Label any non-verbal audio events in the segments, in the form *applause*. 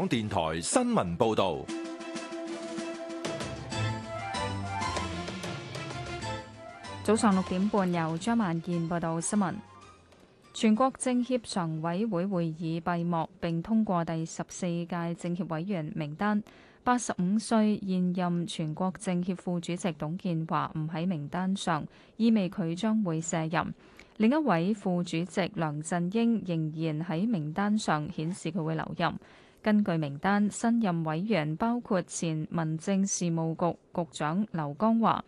港電台新聞報道，早上六點半由張萬健報道新聞。全國政協常委會會議閉幕，並通過第十四屆政協委員名單。八十五歲現任全國政協副主席董建華唔喺名單上，意味佢將會卸任。另一位副主席梁振英仍然喺名單上，顯示佢會留任。根據名單，新任委員包括前民政事務局局局長劉江華、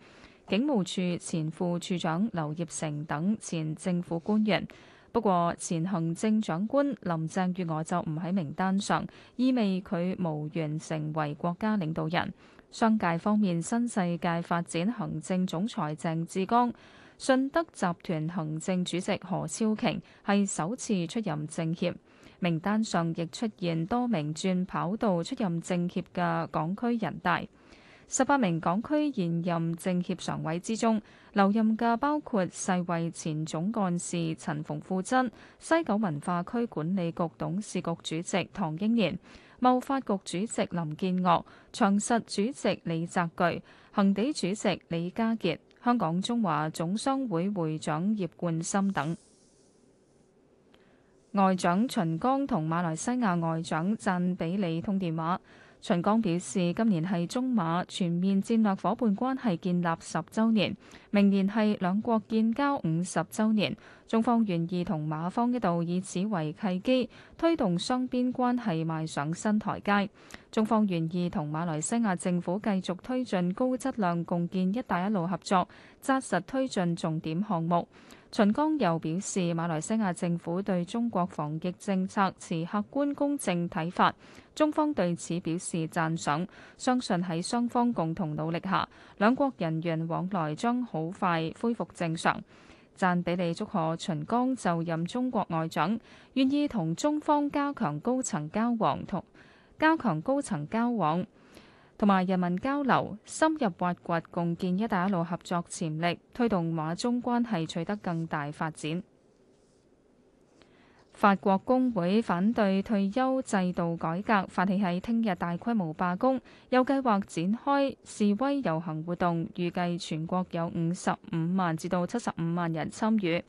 警務處前副處長劉業成等前政府官員。不過，前行政長官林鄭月娥就唔喺名單上，意味佢無緣成為國家領導人。商界方面，新世界發展行政總裁鄭志剛、信德集團行政主席何超瓊係首次出任政協。名單上亦出現多名轉跑道出任政協嘅港區人大。十八名港區現任政協常委之中，留任嘅包括世衛前總幹事陳馮富珍、西九文化區管理局董事局主席唐英年、貿發局主席林建岳、長實主席李澤鉅、恒地主席李家傑、香港中華總商會會長葉冠森等。外長秦剛同馬來西亞外長贊比里通電話。秦剛表示，今年係中馬全面戰略伙伴關係建立十週年，明年係兩國建交五十週年。中方願意同馬方一道以此為契機，推動雙邊關係邁上新台階。中方願意同馬來西亞政府繼續推進高質量共建「一帶一路」合作，紮實推進重點項目。秦剛又表示，馬來西亞政府對中國防疫政策持客觀公正睇法，中方對此表示讚賞，相信喺雙方共同努力下，兩國人員往來將好快恢復正常。贊比利祝賀秦剛就任中國外長，願意同中方加強高層交往，同加強高層交往。同埋人民交流，深入挖掘共建“一帶一路”合作潛力，推動馬中關係取得更大發展。法國工會反對退休制度改革，發起喺聽日大規模罷工，又計劃展開示威遊行活動，預計全國有五十五萬至到七十五萬人參與。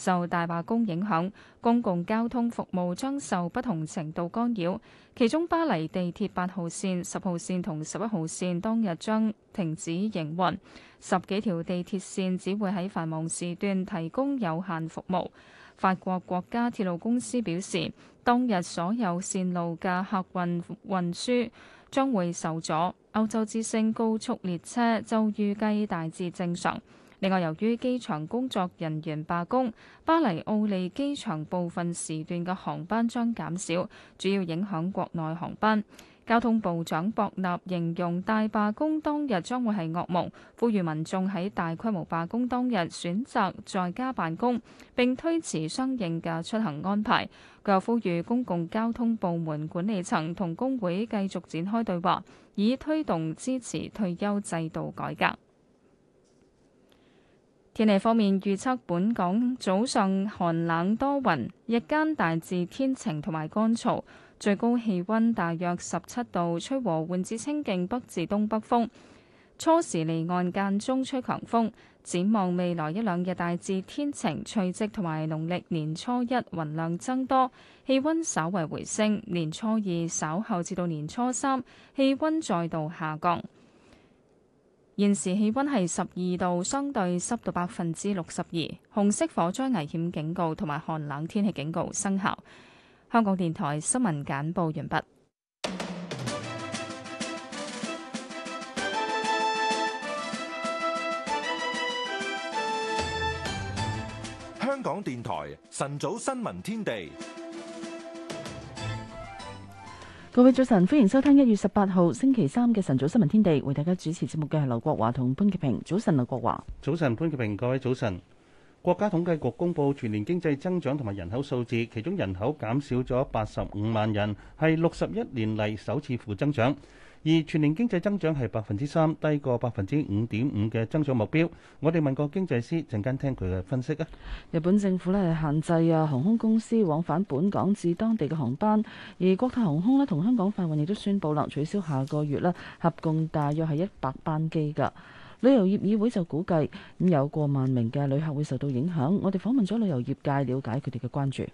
受大罷工影響，公共交通服務將受不同程度干擾。其中，巴黎地鐵八號線、十號線同十一號線當日將停止營運，十幾條地鐵線只會喺繁忙時段提供有限服務。法國國家鐵路公司表示，當日所有線路嘅客運運輸將會受阻。歐洲之星高速列車就預計大致正常。另外，由於機場工作人員罷工，巴黎奧利機場部分時段嘅航班將減少，主要影響國內航班。交通部長博納形容大罷工當日將會係噩夢，呼籲民眾喺大規模罷工當日選擇在家辦公，並推遲相應嘅出行安排。佢又呼籲公共交通部門管理層同工會繼續展開對話，以推動支持退休制度改革。天氣方面預測，本港早上寒冷多雲，日間大致天晴同埋乾燥，最高氣温大約十七度，吹和緩至清勁北至東北風。初時離岸間中吹強風。展望未來一兩日大致天晴，除夕同埋農曆年初一雲量增多，氣温稍為回升。年初二稍後至到年初三，氣温再度下降。現時氣溫係十二度，相對濕度百分之六十二。紅色火災危險警告同埋寒冷天氣警告生效。香港電台新聞簡報完畢。香港電台晨早新聞天地。各位早晨，歡迎收聽一月十八號星期三嘅晨早新聞天地。為大家主持節目嘅係劉國華同潘潔平。早晨，劉國華。早晨，潘潔平。各位早晨。國家統計局公布全年經濟增長同埋人口數字，其中人口減少咗八十五萬人，係六十一年嚟，首次負增長。而全年經濟增長係百分之三，低過百分之五點五嘅增長目標。我哋問個經濟師，陣間聽佢嘅分析啊。日本政府咧限制啊航空公司往返本港至當地嘅航班，而國泰航空咧同香港快運亦都宣布啦取消下個月咧合共大約係一百班機㗎。旅遊業議會就估計咁有過萬名嘅旅客會受到影響。我哋訪問咗旅遊業界，了解佢哋嘅關注。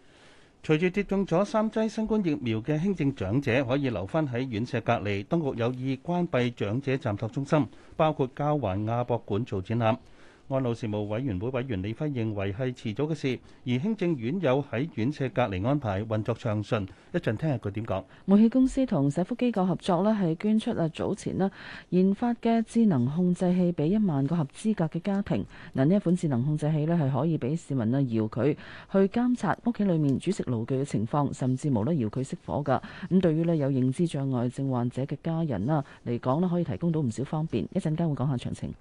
隨住接種咗三劑新冠疫苗嘅輕症長者可以留返喺院舍隔離，當局有意關閉長者暫託中心，包括交還亞博館做展覽。安老事務委員會委員李輝認為係遲早嘅事，而輕症院友喺院舍隔離安排運作暢順，一陣聽下佢點講。煤氣公司同社福機構合作呢係捐出啊早前呢研發嘅智能控制器俾一萬個合資格嘅家庭。嗱呢一款智能控制器呢係可以俾市民啊搖佢去監察屋企裏面煮食爐具嘅情況，甚至無得搖佢熄火噶。咁對於咧有認知障礙症患者嘅家人啦嚟講咧，可以提供到唔少方便。一陣間會講下詳情。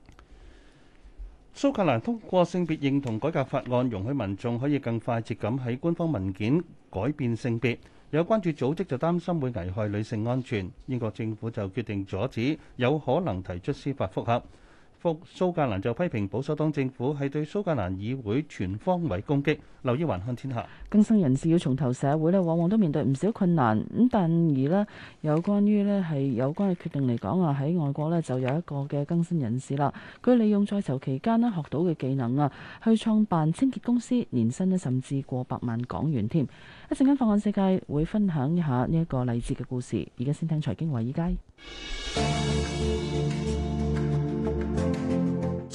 蘇格蘭通過性別認同改革法案，容許民眾可以更快捷咁喺官方文件改變性別。有關注組織就擔心會危害女性安全，英國政府就決定阻止，有可能提出司法覆核。蘇格蘭就批評保守黨政府係對蘇格蘭議會全方位攻擊。留意環球天下，更新人士要重投社會咧，往往都面對唔少困難。咁但而呢有關於呢係有關嘅決定嚟講啊，喺外國呢，就有一個嘅更新人士啦。佢利用在囚期間咧，學到嘅技能啊，去創辦清潔公司，年薪咧甚至過百萬港元添。一陣間放眼世界，會分享一下呢一個勵志嘅故事。而家先聽財經華爾街。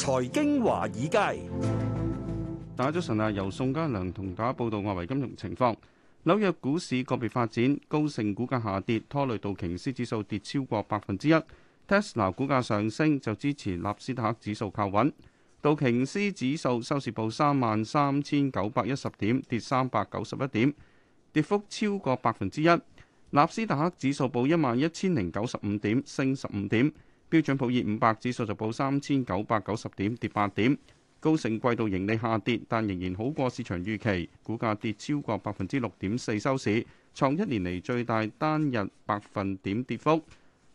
財經華爾街，大家早晨啊！由宋家良同大家報道外圍金融情況。紐約股市個別發展，高盛股價下跌，拖累道瓊斯指數跌超過百分之一。Tesla 股價上升，就支持納斯達克指數靠穩。道瓊斯指數收市報三萬三千九百一十點，跌三百九十一點，跌幅超過百分之一。納斯達克指數報一萬一千零九十五點，升十五點。標準普爾五百指數就報三千九百九十點，跌八點。高盛季度盈利下跌，但仍然好過市場預期，股價跌超過百分之六點四收市，創一年嚟最大單日百分點跌幅。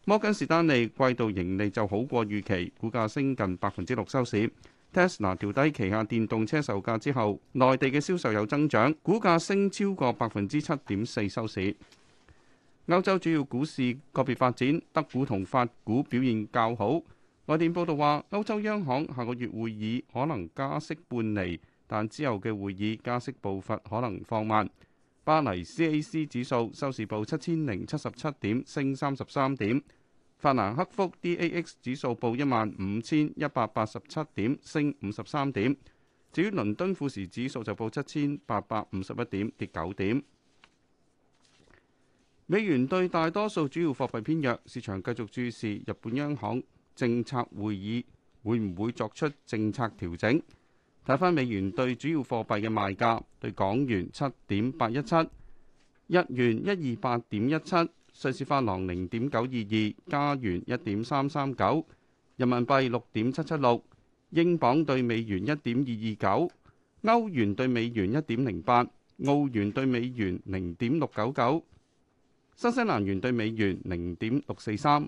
摩根士丹利季度盈利就好過預期，股價升近百分之六收市。Tesla 調低旗下電動車售價之後，內地嘅銷售有增長，股價升超過百分之七點四收市。歐洲主要股市個別發展，德股同法股表現較好。來電報道話，歐洲央行下個月會議可能加息半厘，但之後嘅會議加息步伐可能放慢。巴黎 CAC 指數收市報七千零七十七點，升三十三點。法蘭克福 DAX 指數報一萬五千一百八十七點，升五十三點。至於倫敦富時指數就報七千八百五十一點，跌九點。美元對大多數主要貨幣偏弱，市場繼續注視日本央行政策會議會唔會作出政策調整。睇翻美元對主要貨幣嘅賣價，對港元七點八一七，日元一二八點一七，瑞士法郎零點九二二，加元一點三三九，人民幣六點七七六，英鎊對美元一點二二九，歐元對美元一點零八，澳元對美元零點六九九。新西蘭元對美元零點六四三，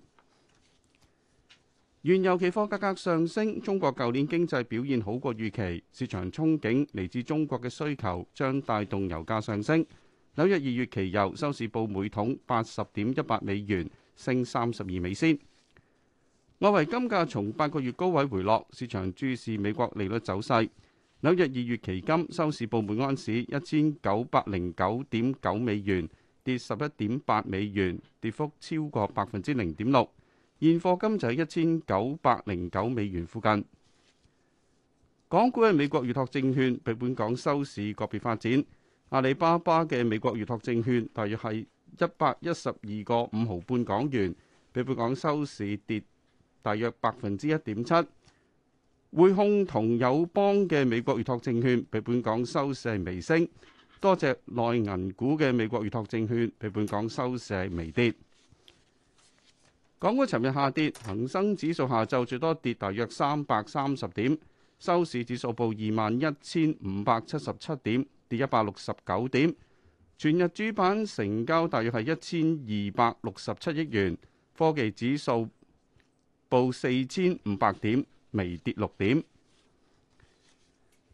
原油期貨價格上升。中國舊年經濟表現好過預期，市場憧憬嚟自中國嘅需求將帶動油價上升。紐約二月期油收市報每桶八十點一八美元，升三十二美仙。外圍金價從八個月高位回落，市場注視美國利率走勢。紐約二月期金收市報每安士一千九百零九點九美元。跌十一點八美元，跌幅超過百分之零點六。現貨金就喺一千九百零九美元附近。港股嘅美國預託證券比本港收市個別發展。阿里巴巴嘅美國預託證券大約係一百一十二個五毫半港元，比本港收市跌大約百分之一點七。匯控同友邦嘅美國預託證券比本港收市微升。多隻內銀股嘅美國預託證券，被本港收市微跌。港股尋日下跌，恒生指數下晝最多跌大約三百三十點，收市指數報二萬一千五百七十七點，跌一百六十九點。全日主板成交大約係一千二百六十七億元，科技指數報四千五百點，微跌六點。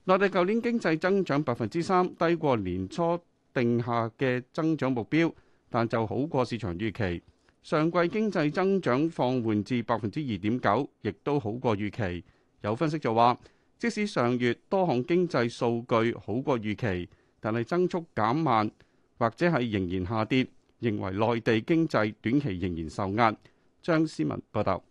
內地舊年經濟增長百分之三，低過年初定下嘅增長目標，但就好過市場預期。上季經濟增長放緩至百分之二點九，亦都好過預期。有分析就話，即使上月多項經濟數據好過預期，但係增速減慢或者係仍然下跌，認為內地經濟短期仍然受壓。張詩文報道，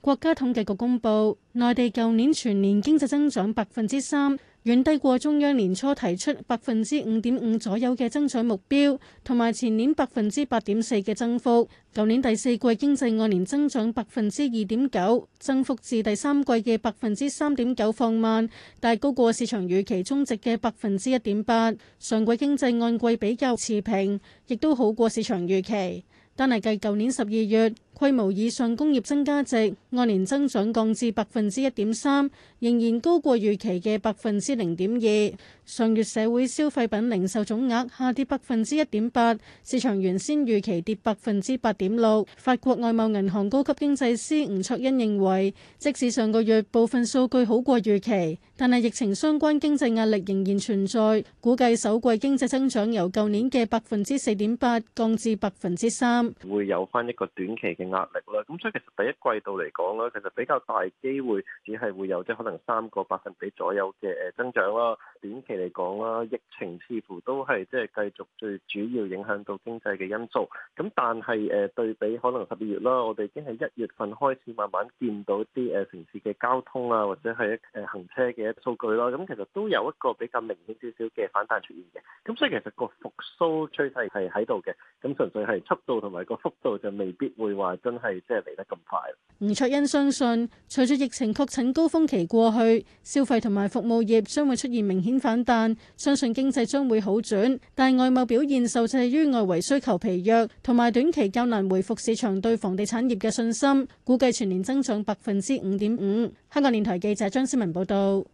國家統計局公佈內地舊年全年經濟增長百分之三。遠低過中央年初提出百分之五點五左右嘅增長目標，同埋前年百分之八點四嘅增幅。舊年第四季經濟按年增長百分之二點九，增幅至第三季嘅百分之三點九放慢，但高過市場預期中值嘅百分之一點八。上季經濟按季比較持平，亦都好過市場預期，但係計舊年十二月，規模以上工業增加值按年增長降至百分之一點三，仍然高過預期嘅百分之零點二。上月社會消費品零售總額下跌百分之一點八，市場原先預期跌百分之八點六。法國外貿銀行高級經濟師吳卓恩認為，即使上個月部分數據好過預期，但係疫情相關經濟壓力仍然存在，估計首季經濟增長由舊年嘅百分之四點八降至百分之三，會有翻一個短期嘅。壓力啦，咁所以其實第一季度嚟講咧，其實比較大機會只係會有即係可能三個百分比左右嘅誒增長啦。短期嚟講啦，疫情似乎都係即係繼續最主要影響到經濟嘅因素。咁但係誒對比可能十二月啦，我哋已經喺一月份開始慢慢見到啲誒城市嘅交通啊，或者係誒行車嘅一數據啦。咁其實都有一個比較明顯少少嘅反彈出現嘅。咁所以其實個復甦趨勢係喺度嘅。咁純粹係速度同埋個幅度就未必會話，真係即係嚟得咁快。吳卓恩相信，隨住疫情確診高峰期過去，消費同埋服務業將會出現明顯反彈，相信經濟將會好轉。但外貿表現受制於外圍需求疲弱，同埋短期較難回復市場對房地產業嘅信心。估計全年增長百分之五點五。香港電台記者張思文報道。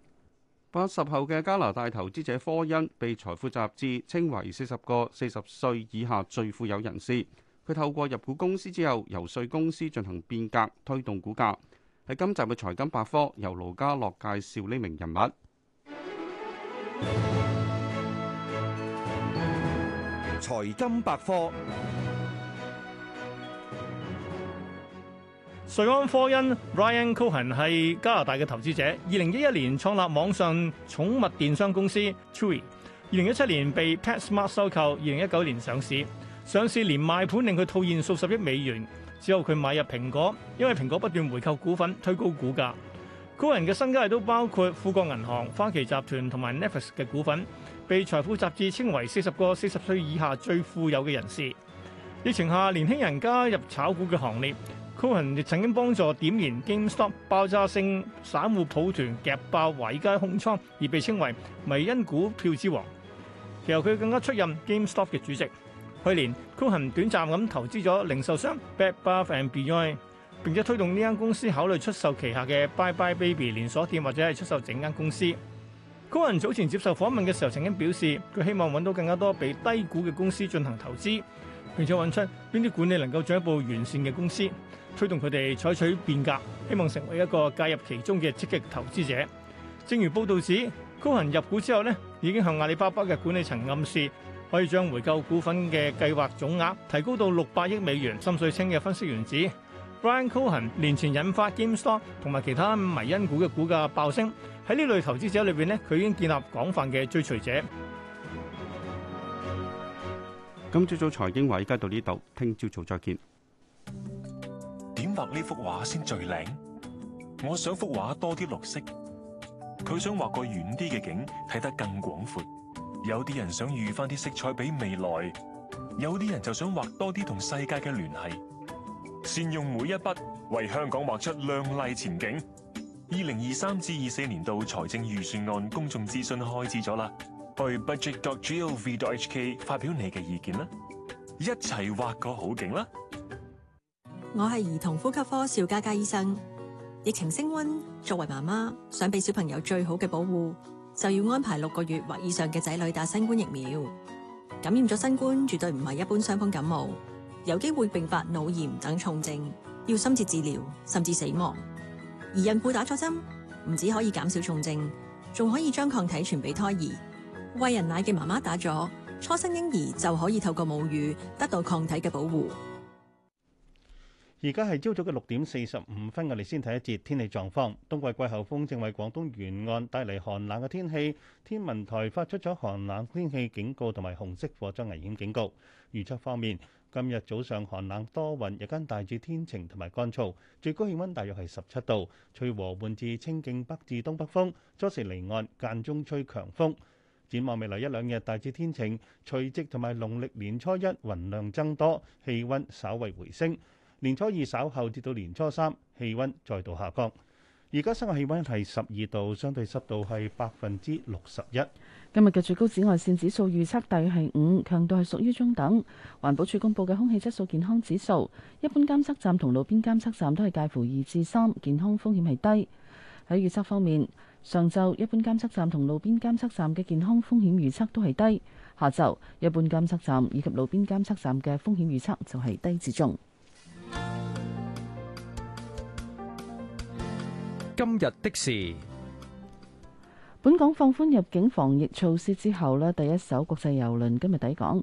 八十後嘅加拿大投資者科恩被《財富》雜誌稱為四十個四十歲以下最富有人士。佢透過入股公司之後，游說公司進行變革，推動股價。喺今集嘅《財金百科》，由盧家樂介紹呢名人物。財金百科 *noise* 瑞安科恩 （Ryan Cohen） 係加拿大嘅投資者，二零一一年創立網上寵物電商公司 Chewy，二零一七年被 PetSmart 收購，二零一九年上市。上市連賣盤令佢套現數十億美元之後，佢買入蘋果，因為蘋果不斷回購股份推高股價。Cohen 嘅身家亦都包括富國銀行、花旗集團同埋 Netflix 嘅股份，被財富雜誌稱為四十個四十歲以下最富有嘅人士。疫情下年輕人加入炒股嘅行列，Cohen 亦曾經幫助點燃 GameStop 爆炸性散戶抱團夾爆維佳空倉，而被稱為迷因股票之王。其後佢更加出任 GameStop 嘅主席。去年，高恒短暫咁投資咗零售商 Bed Bath and Beyond，並且推動呢間公司考慮出售旗下嘅 Buy Buy Baby 連鎖店或者係出售整間公司。高恒早前接受訪問嘅時候曾經表示，佢希望揾到更加多被低估嘅公司進行投資，並且揾出邊啲管理能夠進一步完善嘅公司，推動佢哋採取變革，希望成為一個介入其中嘅積極投資者。正如報導指，高恒入股之後呢已經向阿里巴巴嘅管理層暗示。可以將回購股份嘅計劃總額提高到六百億美元。深水清嘅分析員指，Brian Cohen 年前引發 GameStop 同埋其他迷因股嘅股價爆升，喺呢類投資者裏邊呢，佢已經建立廣泛嘅追隨者。今朝早財經話依家到呢度，聽朝早再見。點畫呢幅畫先最靚？我想幅畫多啲綠色。佢想畫個遠啲嘅景，睇得更廣闊。有啲人想預返啲色彩俾未來，有啲人就想畫多啲同世界嘅聯繫，善用每一筆為香港畫出亮麗前景。二零二三至二四年度財政預算案公眾諮詢開始咗啦，去 budget.gov.hk 發表你嘅意見啦，一齊畫個好景啦！我係兒童呼吸科邵嘉嘉醫生，疫情升温，作為媽媽想俾小朋友最好嘅保護，就要安排六個月或以上嘅仔女打新冠疫苗。感染咗新冠絕對唔係一般傷風感冒，有機會併發腦炎等重症，要深切治療甚至死亡。而孕婦打咗針，唔止可以減少重症，仲可以將抗體傳俾胎兒。喂人奶嘅媽媽打咗，初生嬰兒就可以透過母乳得到抗體嘅保護。而家係朝早嘅六點四十五分，我哋先睇一節天氣狀況。冬季季候風正為廣東沿岸帶嚟寒冷嘅天氣，天文台發出咗寒冷天氣警告同埋紅色火災危險警告。預測方面，今日早上寒冷多雲，日間大致天晴同埋乾燥，最高氣温大約係十七度，吹和緩至清勁北至東北風，初時離岸間中吹強風。展望未來一兩日大致天晴，除夕同埋農曆年初一雲量增多，氣温稍為回升。年初二稍後，至到年初三，氣温再度下降。而家室外氣温係十二度，相對濕度係百分之六十一。今日嘅最高紫外綫指數預測大約係五，強度係屬於中等。環保署公布嘅空氣質素健康指數，一般監測站同路邊監測站都係介乎二至三，健康風險係低。喺預測方面，上晝一般監測站同路邊監測站嘅健康風險預測都係低。下晝一般監測站以及路邊監測站嘅風險預測就係低至中。今日的事，本港放寬入境防疫措施之後咧，第一艘國際郵輪今日抵港。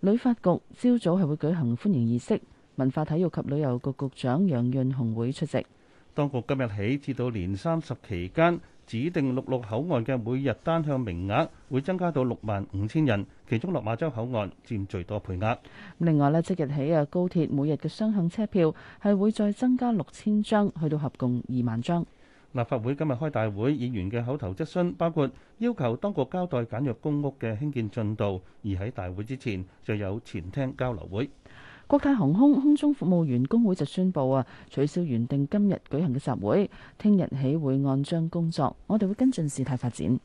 旅發局朝早係會舉行歡迎儀式，文化體育及旅遊局局長楊潤雄會出席。當局今日起至到年三十期間。指定陸路口岸嘅每日單向名額會增加到六萬五千人，其中落馬洲口岸佔最多配額。咁另外咧，即日起啊，高鐵每日嘅雙向車票係會再增加六千張，去到合共二萬張。立法會今日開大會，議員嘅口頭質詢包括要求當局交代簡約公屋嘅興建進度，而喺大會之前就有前廳交流會。國泰航空空中服務員工會就宣布啊，取消原定今日舉行嘅集會，聽日起會按章工作，我哋會跟進事態發展。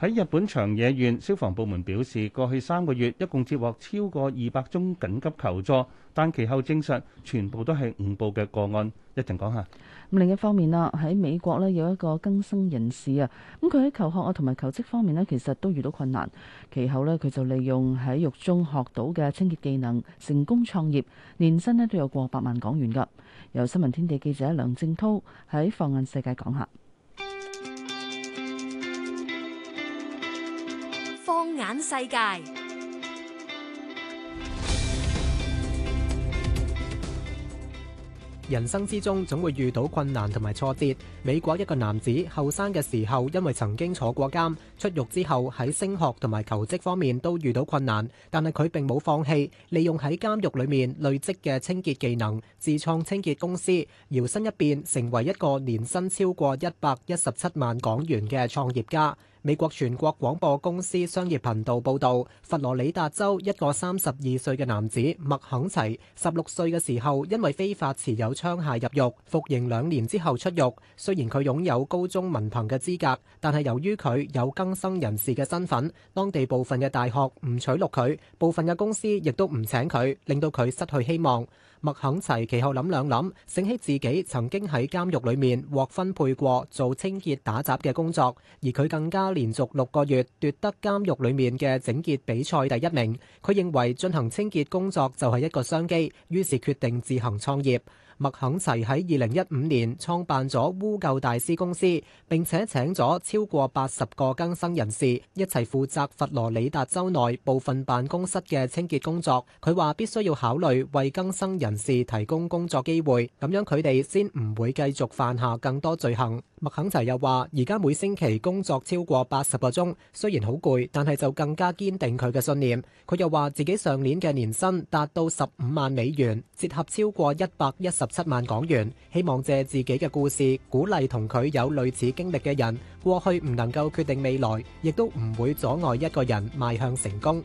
喺日本長野縣，消防部門表示，過去三個月一共接獲超過二百宗緊急求助，但其後證實全部都係誤報嘅個案。一陣講下。另一方面啦，喺美國咧有一個更生人士啊，咁佢喺求學啊同埋求職方面咧，其實都遇到困難。其後咧佢就利用喺獄中學到嘅清潔技能，成功創業，年薪咧都有過百萬港元㗎。由新聞天地記者梁正濤喺放眼世界講下。眼世界。人生之中總會遇到困難同埋挫折。美國一個男子後生嘅時候，因為曾經坐過監，出獄之後喺升學同埋求職方面都遇到困難，但係佢並冇放棄，利用喺監獄裏面累積嘅清潔技能，自創清潔公司，搖身一變成為一個年薪超過一百一十七萬港元嘅創業家。美國全國廣播公司商業頻道報道，佛羅里達州一個三十二歲嘅男子麥肯齊，十六歲嘅時候因為非法持有槍械入獄，服刑兩年之後出獄。雖然佢擁有高中文憑嘅資格，但係由於佢有更生人士嘅身份，當地部分嘅大學唔取錄佢，部分嘅公司亦都唔請佢，令到佢失去希望。麥肯齊其後諗兩諗，醒起自己曾經喺監獄裏面獲分配過做清潔打雜嘅工作，而佢更加連續六個月奪得監獄裏面嘅整潔比賽第一名。佢認為進行清潔工作就係一個商機，於是決定自行創業。麥肯齊喺二零一五年創辦咗污垢大師公司，並且請咗超過八十個更生人士一齊負責佛羅里達州內部分辦公室嘅清潔工作。佢話必須要考慮為更生人士提供工作機會，咁樣佢哋先唔會繼續犯下更多罪行。麥肯齊又話，而家每星期工作超過八十個鐘，雖然好攰，但係就更加堅定佢嘅信念。佢又話自己上年嘅年薪達到十五萬美元，折合超過一百一十七萬港元，希望借自己嘅故事鼓勵同佢有類似經歷嘅人。過去唔能夠決定未來，亦都唔會阻礙一個人邁向成功。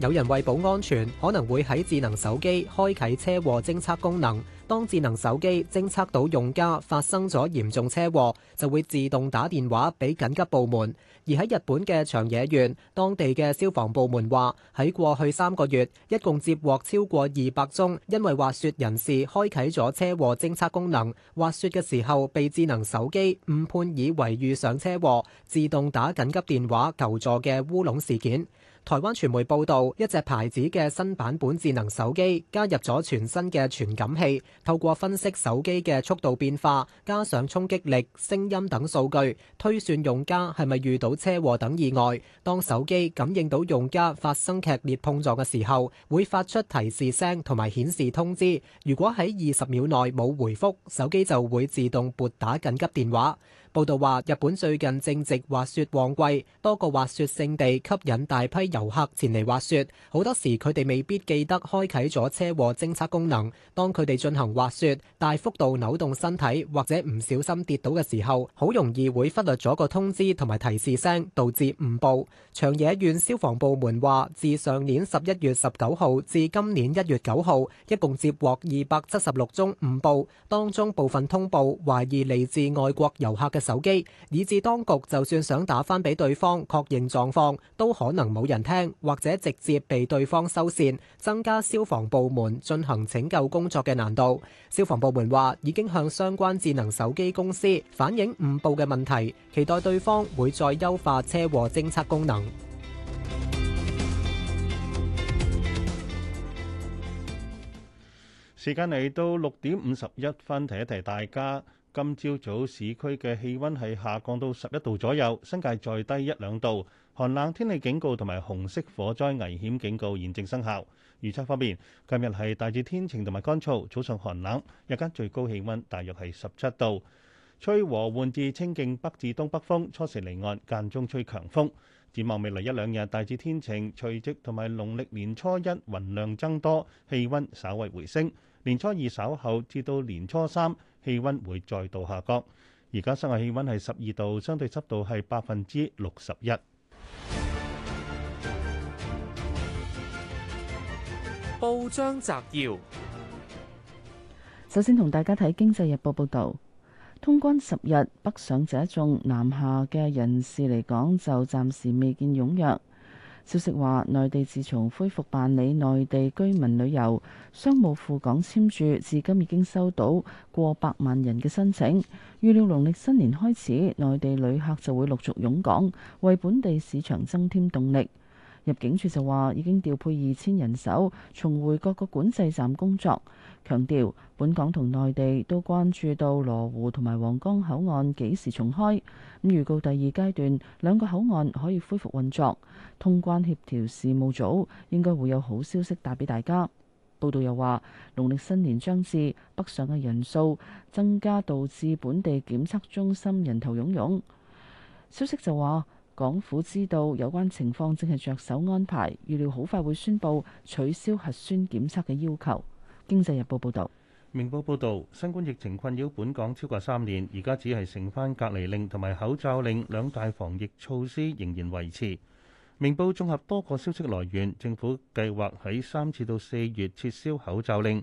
有人為保安全，可能會喺智能手機開啟車禍偵測功能。當智能手機偵測到用家發生咗嚴重車禍，就會自動打電話畀緊急部門。而喺日本嘅長野縣，當地嘅消防部門話，喺過去三個月，一共接獲超過二百宗因為滑雪人士開啟咗車禍偵測功能，滑雪嘅時候被智能手機誤判以為遇上車禍，自動打緊急電話求助嘅烏龍事件。台灣傳媒報導，一隻牌子嘅新版本智能手機加入咗全新嘅傳感器，透過分析手機嘅速度變化，加上衝擊力、聲音等數據，推算用家係咪遇到車禍等意外。當手機感應到用家發生劇烈碰撞嘅時候，會發出提示聲同埋顯示通知。如果喺二十秒內冇回覆，手機就會自動撥打緊急電話。報道話，日本最近正值滑雪旺季，多個滑雪勝地吸引大批遊客前嚟滑雪。好多時佢哋未必記得開啟咗車禍偵測功能。當佢哋進行滑雪，大幅度扭動身體或者唔小心跌倒嘅時候，好容易會忽略咗個通知同埋提示聲，導致誤報。長野縣消防部門話，自上年十一月十九號至今年一月九號，一共接獲二百七十六宗誤報，當中部分通報懷疑嚟自外國遊客嘅手機，以致當局就算想打返俾對方確認狀況，都可能冇人聽，或者直接被對方收線，增加消防部門進行拯救工作嘅難度。消防部門話已經向相關智能手機公司反映誤報嘅問題，期待對方會再優化車禍偵測功能。時間嚟到六點五十一分，提一提大家。今朝早市區嘅氣温係下降到十一度左右，新界再低一兩度。寒冷天氣警告同埋紅色火災危險警告現正生效。預測方面，今日係大致天晴同埋乾燥，早上寒冷，日間最高氣温大約係十七度，吹和緩至清勁北至東北風，初時離岸，間中吹強風。展望未來一兩日，大致天晴，隨即同埋農曆年初一雲量增多，氣温稍為回升。年初二稍後至到年初三。氣温會再度下降，而家室外氣溫係十二度，相對濕度係百分之六十一。報章摘要：首先同大家睇經濟日報報導，通關十日，北上者眾，南下嘅人士嚟講就暫時未見踴躍。消息話，內地自從恢復辦理內地居民旅遊、商務赴港簽注，至今已經收到過百萬人嘅申請。預料農曆新年開始，內地旅客就會陸續湧港，為本地市場增添動力。入境處就話已經調配二千人手重回各個管制站工作，強調本港同內地都關注到羅湖同埋皇崗口岸幾時重開。咁預告第二階段兩個口岸可以恢復運作，通關協調事務組應該會有好消息帶俾大家。報道又話，農曆新年將至，北上嘅人數增加，導致本地檢測中心人頭湧湧。消息就話。港府知道有關情況正係着手安排，預料好快會宣布取消核酸檢測嘅要求。經濟日報報道。明報報道，新冠疫情困擾本港超過三年，而家只係剩翻隔離令同埋口罩令，兩大防疫措施仍然維持。明報綜合多個消息來源，政府計劃喺三至四月撤銷口罩令。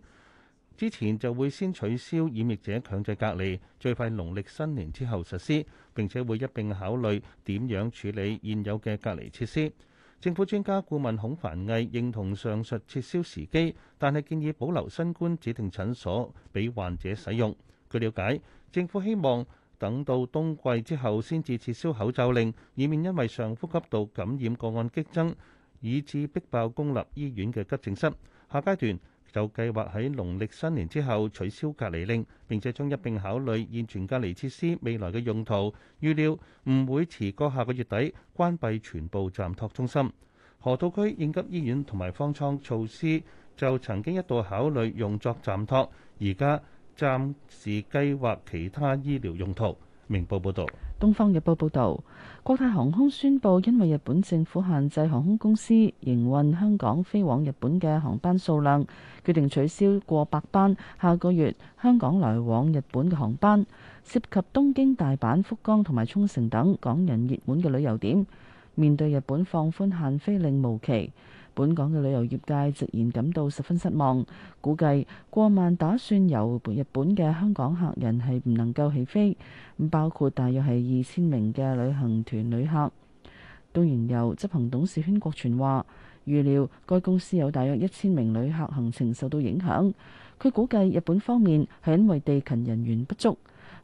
之前就會先取消染疫者強制隔離，最快農曆新年之後實施，並且會一並考慮點樣處理現有嘅隔離設施。政府專家顧問孔繁毅認同上述撤銷時機，但係建議保留新冠指定診所俾患者使用。據了解，政府希望等到冬季之後先至撤銷口罩令，以免因為上呼吸道感染個案激增，以致逼爆公立醫院嘅急症室。下階段就計劃喺農曆新年之後取消隔離令，並且將一併考慮現存隔離設施未來嘅用途。預料唔會遲過下個月底關閉全部暫托中心。河套區應急醫院同埋方艙措施就曾經一度考慮用作暫托，而家暫時計劃其他醫療用途。明報報道。《東方日報》報導，國泰航空宣布，因為日本政府限制航空公司營運香港飛往日本嘅航班數量，決定取消過百班下個月香港來往日本嘅航班，涉及東京、大阪、福岡同埋沖繩等港人熱門嘅旅遊點。面對日本放寬限飛令無期。本港嘅旅遊業界直言感到十分失望，估計過萬打算由日本嘅香港客人係唔能夠起飛，包括大約係二千名嘅旅行團旅客。東瀛遊執行董事禤國全話，預料該公司有大約一千名旅客行程受到影響。佢估計日本方面係因為地勤人員不足，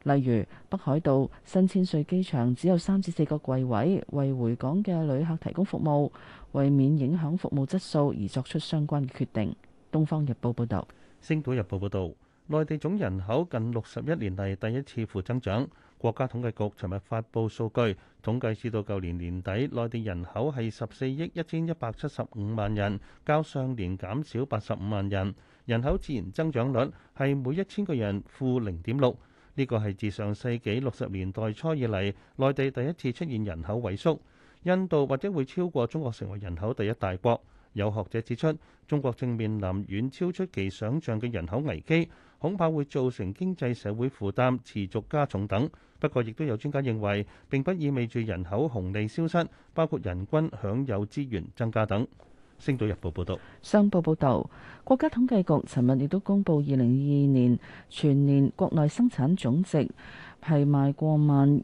例如北海道新千歲機場只有三至四個櫃位為回港嘅旅客提供服務。為免影響服務質素而作出相關嘅決定。《東方日報》報導。《星島日報》報導，內地總人口近六十一年嚟第一次負增長。國家統計局尋日發布數據，統計至到舊年年底，內地人口係十四億一千一百七十五萬人，較上年減少八十五萬人。人口自然增長率係每一千個人負零點六，呢個係自上世紀六十年代初以嚟內地第一次出現人口萎縮。印度或者會超過中國成為人口第一大國。有學者指出，中國正面臨遠超出其想象嘅人口危機，恐怕會造成經濟社會負擔持續加重等。不過亦都有專家認為，並不意味住人口紅利消失，包括人均享有資源增加等。星島日報報道。商報報道，國家統計局尋日亦都公布二零二二年全年國內生產總值，係賣過萬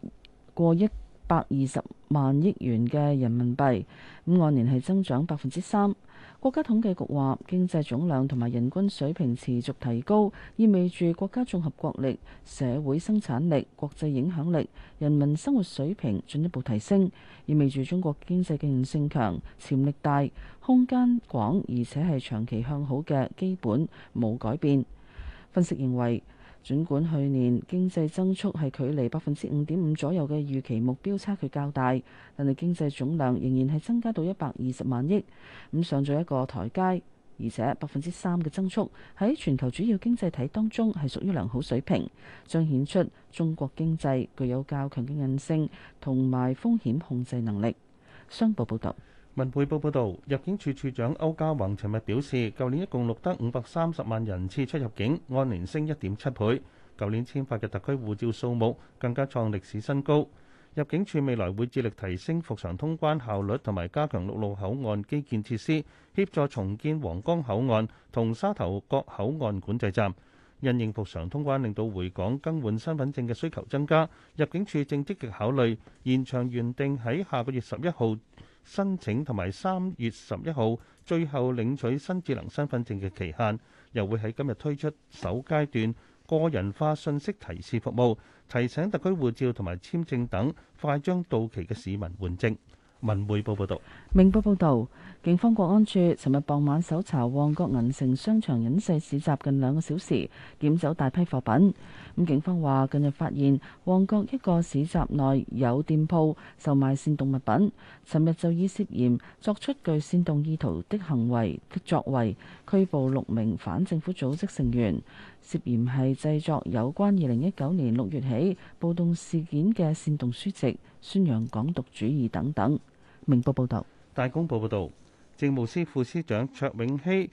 過億。百二十萬億元嘅人民幣，咁按年係增長百分之三。國家統計局話，經濟總量同埋人均水平持續提高，意味住國家綜合國力、社會生產力、國際影響力、人民生活水平進一步提升，意味住中國經濟勁性強、潛力大、空間廣，而且係長期向好嘅基本冇改變。分析認為。儘管去年經濟增速係距離百分之五點五左右嘅預期目標差距較大，但係經濟總量仍然係增加到一百二十萬億，咁上咗一個台階。而且百分之三嘅增速喺全球主要經濟體當中係屬於良好水平，彰顯出中國經濟具有較強嘅韌性同埋風險控制能力。商報報道。文匯報報道，入境處處長歐家宏尋日表示，舊年一共錄得五百三十萬人次出入境，按年升一點七倍。舊年簽發嘅特區護照數目更加創歷史新高。入境處未來會致力提升復常通關效率，同埋加強陸路口岸基建設施，協助重建皇崗口岸同沙頭角口岸管制站。因應復常通關，令到回港更換身份證嘅需求增加，入境處正積極考慮延長原定喺下個月十一號。申請同埋三月十一號最後領取新智能身份證嘅期限，又會喺今日推出首階段個人化信息提示服務，提醒特區護照同埋簽證等快將到期嘅市民換證。文匯報報道。明報報道，警方國安處尋日傍晚搜查旺角銀城商場隱世市集近兩個小時，檢走大批貨品。咁警方話，近日發現旺角一個市集內有店鋪售賣煽動物品，尋日就以涉嫌作出具煽動意圖的行為的作為，拘捕六名反政府組織成員，涉嫌係製作有關二零一九年六月起暴動事件嘅煽動書籍，宣揚港獨主義等等。明報報道。大公報報道，政務司副司長卓永熙。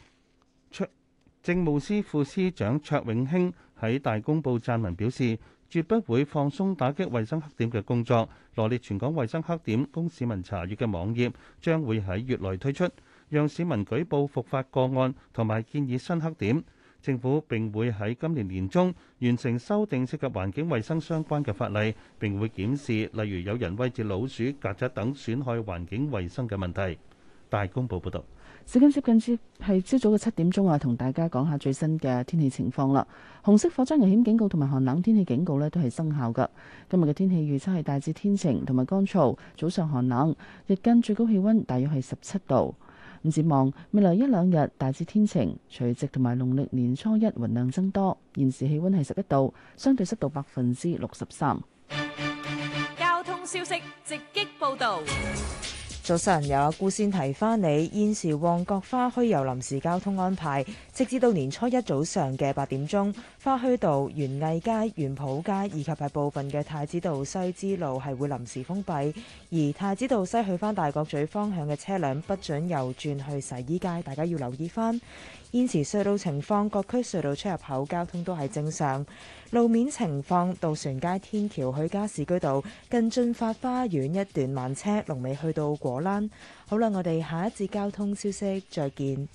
政務司副司長卓永興喺大公報撰文表示，絕不會放鬆打擊衛生黑點嘅工作。羅列全港衛生黑點供市民查閱嘅網頁將會喺月內推出，讓市民舉報復發個案同埋建議新黑點。政府並會喺今年年中完成修訂涉及環境衛生相關嘅法例，並會檢視例如有人餵飼老鼠、曱甴等損害環境衛生嘅問題。大公報報道。時間接近是係朝早嘅七點鐘啊，同大家講下最新嘅天氣情況啦。紅色火災危險警告同埋寒冷天氣警告呢都係生效噶。今日嘅天氣預測係大致天晴同埋乾燥，早上寒冷，日間最高氣溫大約係十七度。咁展望未來一兩日大致天晴，除夕同埋農曆年初一雲量增多。現時氣溫係十一度，相對濕度百分之六十三。交通消息直擊報道。早晨，有阿姑先提翻你，現時旺角花墟有臨時交通安排，直至到年初一早上嘅八點鐘，花墟道、元藝街、園圃街以及係部分嘅太子道西支路係會臨時封閉，而太子道西去翻大角咀方向嘅車輛不准右轉去洗衣街，大家要留意翻。現時隧道情況，各區隧道出入口交通都係正常。路面情況，渡船街天橋去加士居道近駿發花園一段慢車，龍尾去到果欄。好啦，我哋下一節交通消息再見。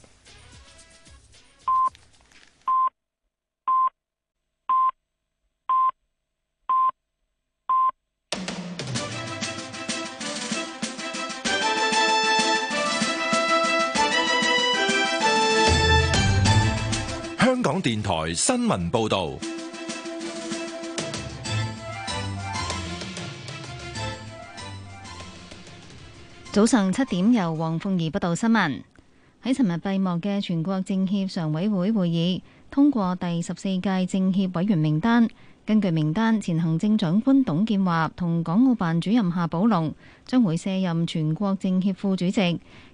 港電台新聞報道：早上七點，由黃鳳儀報道新聞。喺尋日閉幕嘅全國政協常委會會議通過第十四屆政協委員名單。根據名單，前行政長官董建華同港澳辦主任夏寶龍將會卸任全國政協副主席，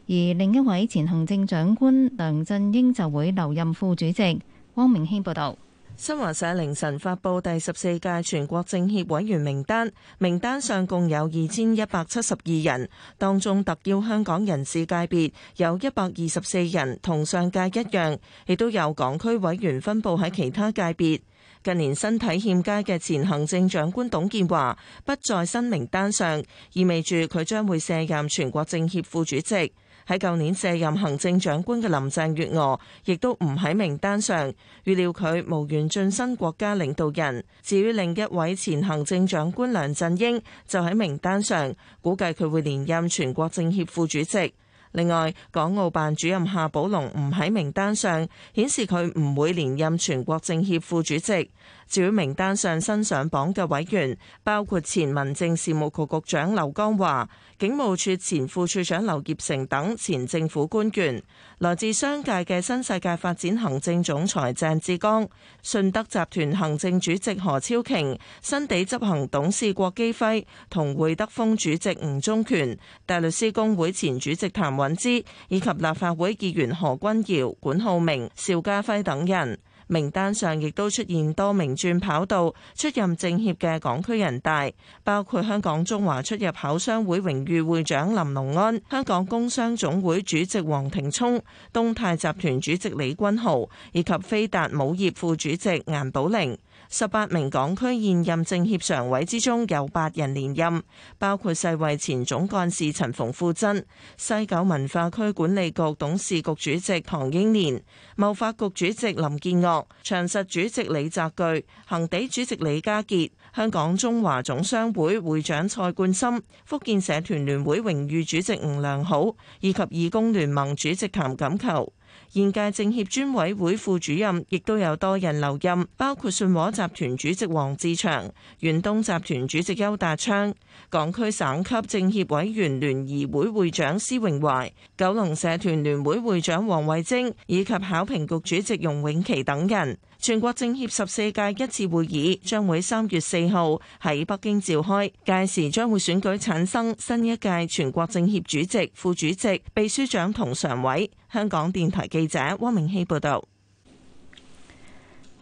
而另一位前行政長官梁振英就會留任副主席。汪明軒報道，新華社凌晨發布第十四屆全國政協委員名單，名單上共有二千一百七十二人，當中特邀香港人士界別有一百二十四人，同上屆一樣，亦都有港區委員分布喺其他界別。近年身體欠佳嘅前行政長官董建華不在新名單上，意味住佢將會卸任全國政協副主席。喺舊年卸任行政長官嘅林鄭月娥，亦都唔喺名單上，預料佢無緣晉身國家領導人。至於另一位前行政長官梁振英，就喺名單上，估計佢會連任全國政協副主席。另外，港澳辦主任夏寶龍唔喺名單上，顯示佢唔會連任全國政協副主席。至於名單上新上榜嘅委員包括前民政事務局局長劉江華、警務處前副處長劉業成等前政府官員，來自商界嘅新世界發展行政總裁鄭志剛、信德集團行政主席何超瓊、新地執行董事郭基輝、同會德豐主席吳中權、大律師公會前主席譚允芝，以及立法會議員何君堯、管浩明、邵家輝等人。名單上亦都出現多名轉跑道出任政協嘅港區人大，包括香港中華出入口商會榮譽會長林龍安、香港工商總會主席王庭聰、東泰集團主席李君豪以及飛達帽業副主席顏寶玲。十八名港區現任政協常委之中有八人連任，包括世衛前總幹事陳馮富珍、西九文化區管理局董事局主席唐英年、貿發局主席林建岳、長實主席李澤鉅、恒地主席李家傑、香港中華總商會會會長蔡冠深、福建社團聯會榮譽主席吳良好以及義工聯盟主席譚錦球。現屆政協專委會副主任亦都有多人留任，包括信和集團主席黃志祥、遠東集團主席邱達昌。港區省級政協委員聯誼會會長施榮懷、九龍社團聯會會長黃惠晶以及考評局主席容永琪等人，全國政協十四屆一次會議將會三月四號喺北京召開，屆時將會選舉產生新一屆全國政協主席、副主席、秘書長同常委。香港電台記者汪明希報導。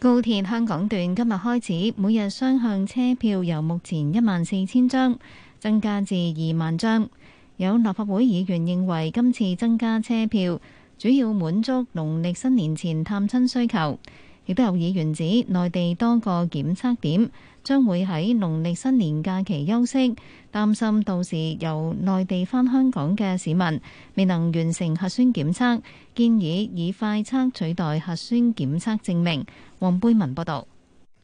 高鐵香港段今日開始，每日雙向車票由目前一萬四千張增加至二萬張。有立法會議員認為，今次增加車票主要滿足農曆新年前探親需求。亦都有議員指，內地多個檢測點將會喺農曆新年假期休息。擔心到時由內地返香港嘅市民未能完成核酸檢測，建議以快測取代核酸檢測證明。黃貝文報道。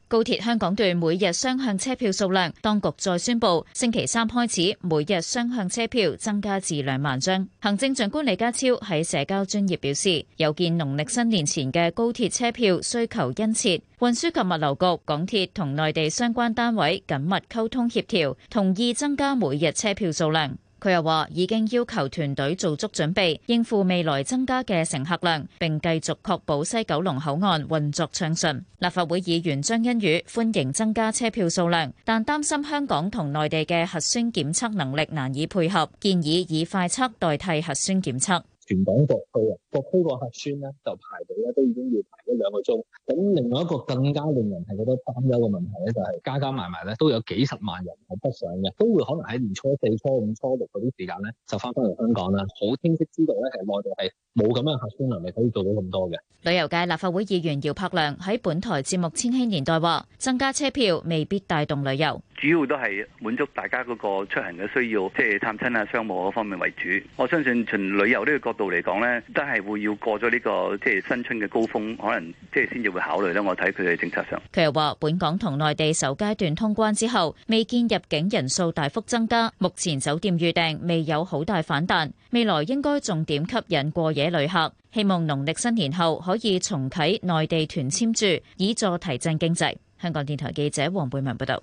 高鐵香港段每日雙向車票數量，當局再宣布，星期三開始每日雙向車票增加至兩萬張。行政長官李家超喺社交專頁表示，有見農曆新年前嘅高鐵車票需求殷切，運輸及物流局、港鐵同內地相關單位緊密溝通協調，同意增加每日車票數量。佢又話已經要求團隊做足準備，應付未來增加嘅乘客量，並繼續確保西九龍口岸運作暢順。立法會議員張欣宇歡迎增加車票數量，但擔心香港同內地嘅核酸檢測能力難以配合，建議以快測代替核酸檢測。全港各區啊，各區個核酸呢，就排隊咧都已經要排，一兩個鐘，咁另外一個更加令人係覺得擔憂嘅問題咧、就是，就係加加埋埋咧都有幾十萬人喺北上嘅，都會可能喺年初四、初五、初六嗰啲時間咧就翻返嚟香港啦。好清晰知道咧，係內地係冇咁嘅客觀能力可以做到咁多嘅。旅遊界立法會議員姚柏良喺本台節目《千禧年代》話：增加車票未必帶動旅遊，主要都係滿足大家嗰個出行嘅需要，即、就、係、是、探親啊、商務嗰方面為主。我相信從旅遊呢個角度嚟講咧，真係會要過咗呢、這個即係、就是、新春嘅高峰，可能。即係先至會考慮咧，我睇佢嘅政策上。佢又話：本港同內地首階段通關之後，未見入境人數大幅增加，目前酒店預訂未有好大反彈，未來應該重點吸引過夜旅客。希望農曆新年後可以重啟內地團簽注，以助提振經濟。香港電台記者黃貝文報道。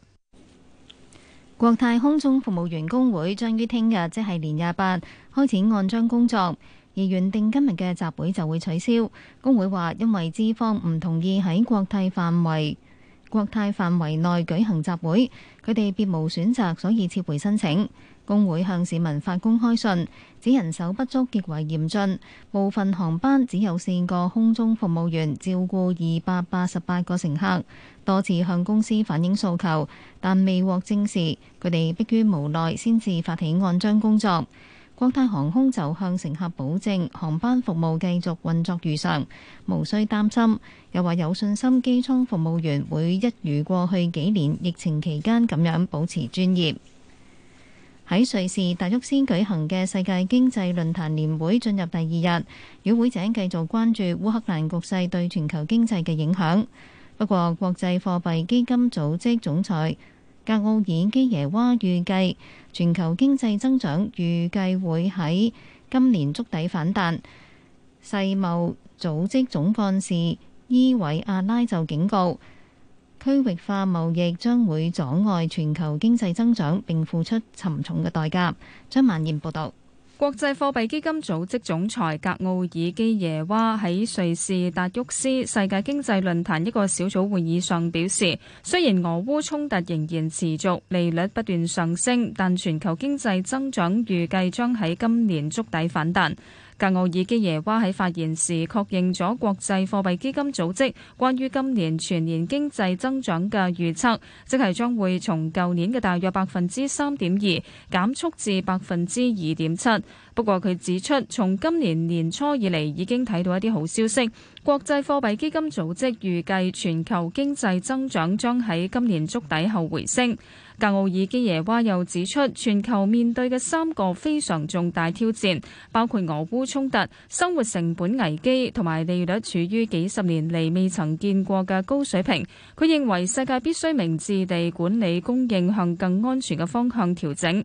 國泰空中服務員工會將於聽日，即係年廿八開展按章工作。而原定今日嘅集會就會取消。工會話，因為資方唔同意喺國泰範圍國泰範圍內舉行集會，佢哋別無選擇，所以撤回申請。工會向市民發公開信，指人手不足極為嚴峻，部分航班只有四個空中服務員照顧二百八十八個乘客。多次向公司反映訴求，但未獲正視，佢哋迫於無奈，先至發起按章工作。國泰航空就向乘客保證，航班服務繼續運作如常，無需擔心。又話有信心機艙服務員會一如過去幾年疫情期間咁樣保持專業。喺瑞士達沃斯舉行嘅世界經濟論壇年會進入第二日，與會者繼續關注烏克蘭局勢對全球經濟嘅影響。不過，國際貨幣基金組織總裁。格奧爾基耶娃預計全球經濟增長預計會喺今年觸底反彈。世貿組織總幹事伊維阿拉就警告，區域化貿易將會阻礙全球經濟增長並付出沉重嘅代價。張萬賢報道。國際貨幣基金組織總裁格奧爾基耶娃喺瑞士達沃斯世界經濟論壇一個小組會議上表示，雖然俄烏衝突仍然持續，利率不斷上升，但全球經濟增長預計將喺今年觸底反彈。格奧爾基耶娃喺發言時確認咗國際貨幣基金組織關於今年全年經濟增長嘅預測，即係將會從舊年嘅大約百分之三點二減速至百分之二點七。不過佢指出，從今年年初以嚟已經睇到一啲好消息。國際貨幣基金組織預計全球經濟增長將喺今年觸底後回升。格奧爾基耶娃又指出，全球面對嘅三個非常重大挑戰，包括俄烏衝突、生活成本危機同埋利率處於幾十年嚟未曾見過嘅高水平。佢認為世界必須明智地管理供應，向更安全嘅方向調整。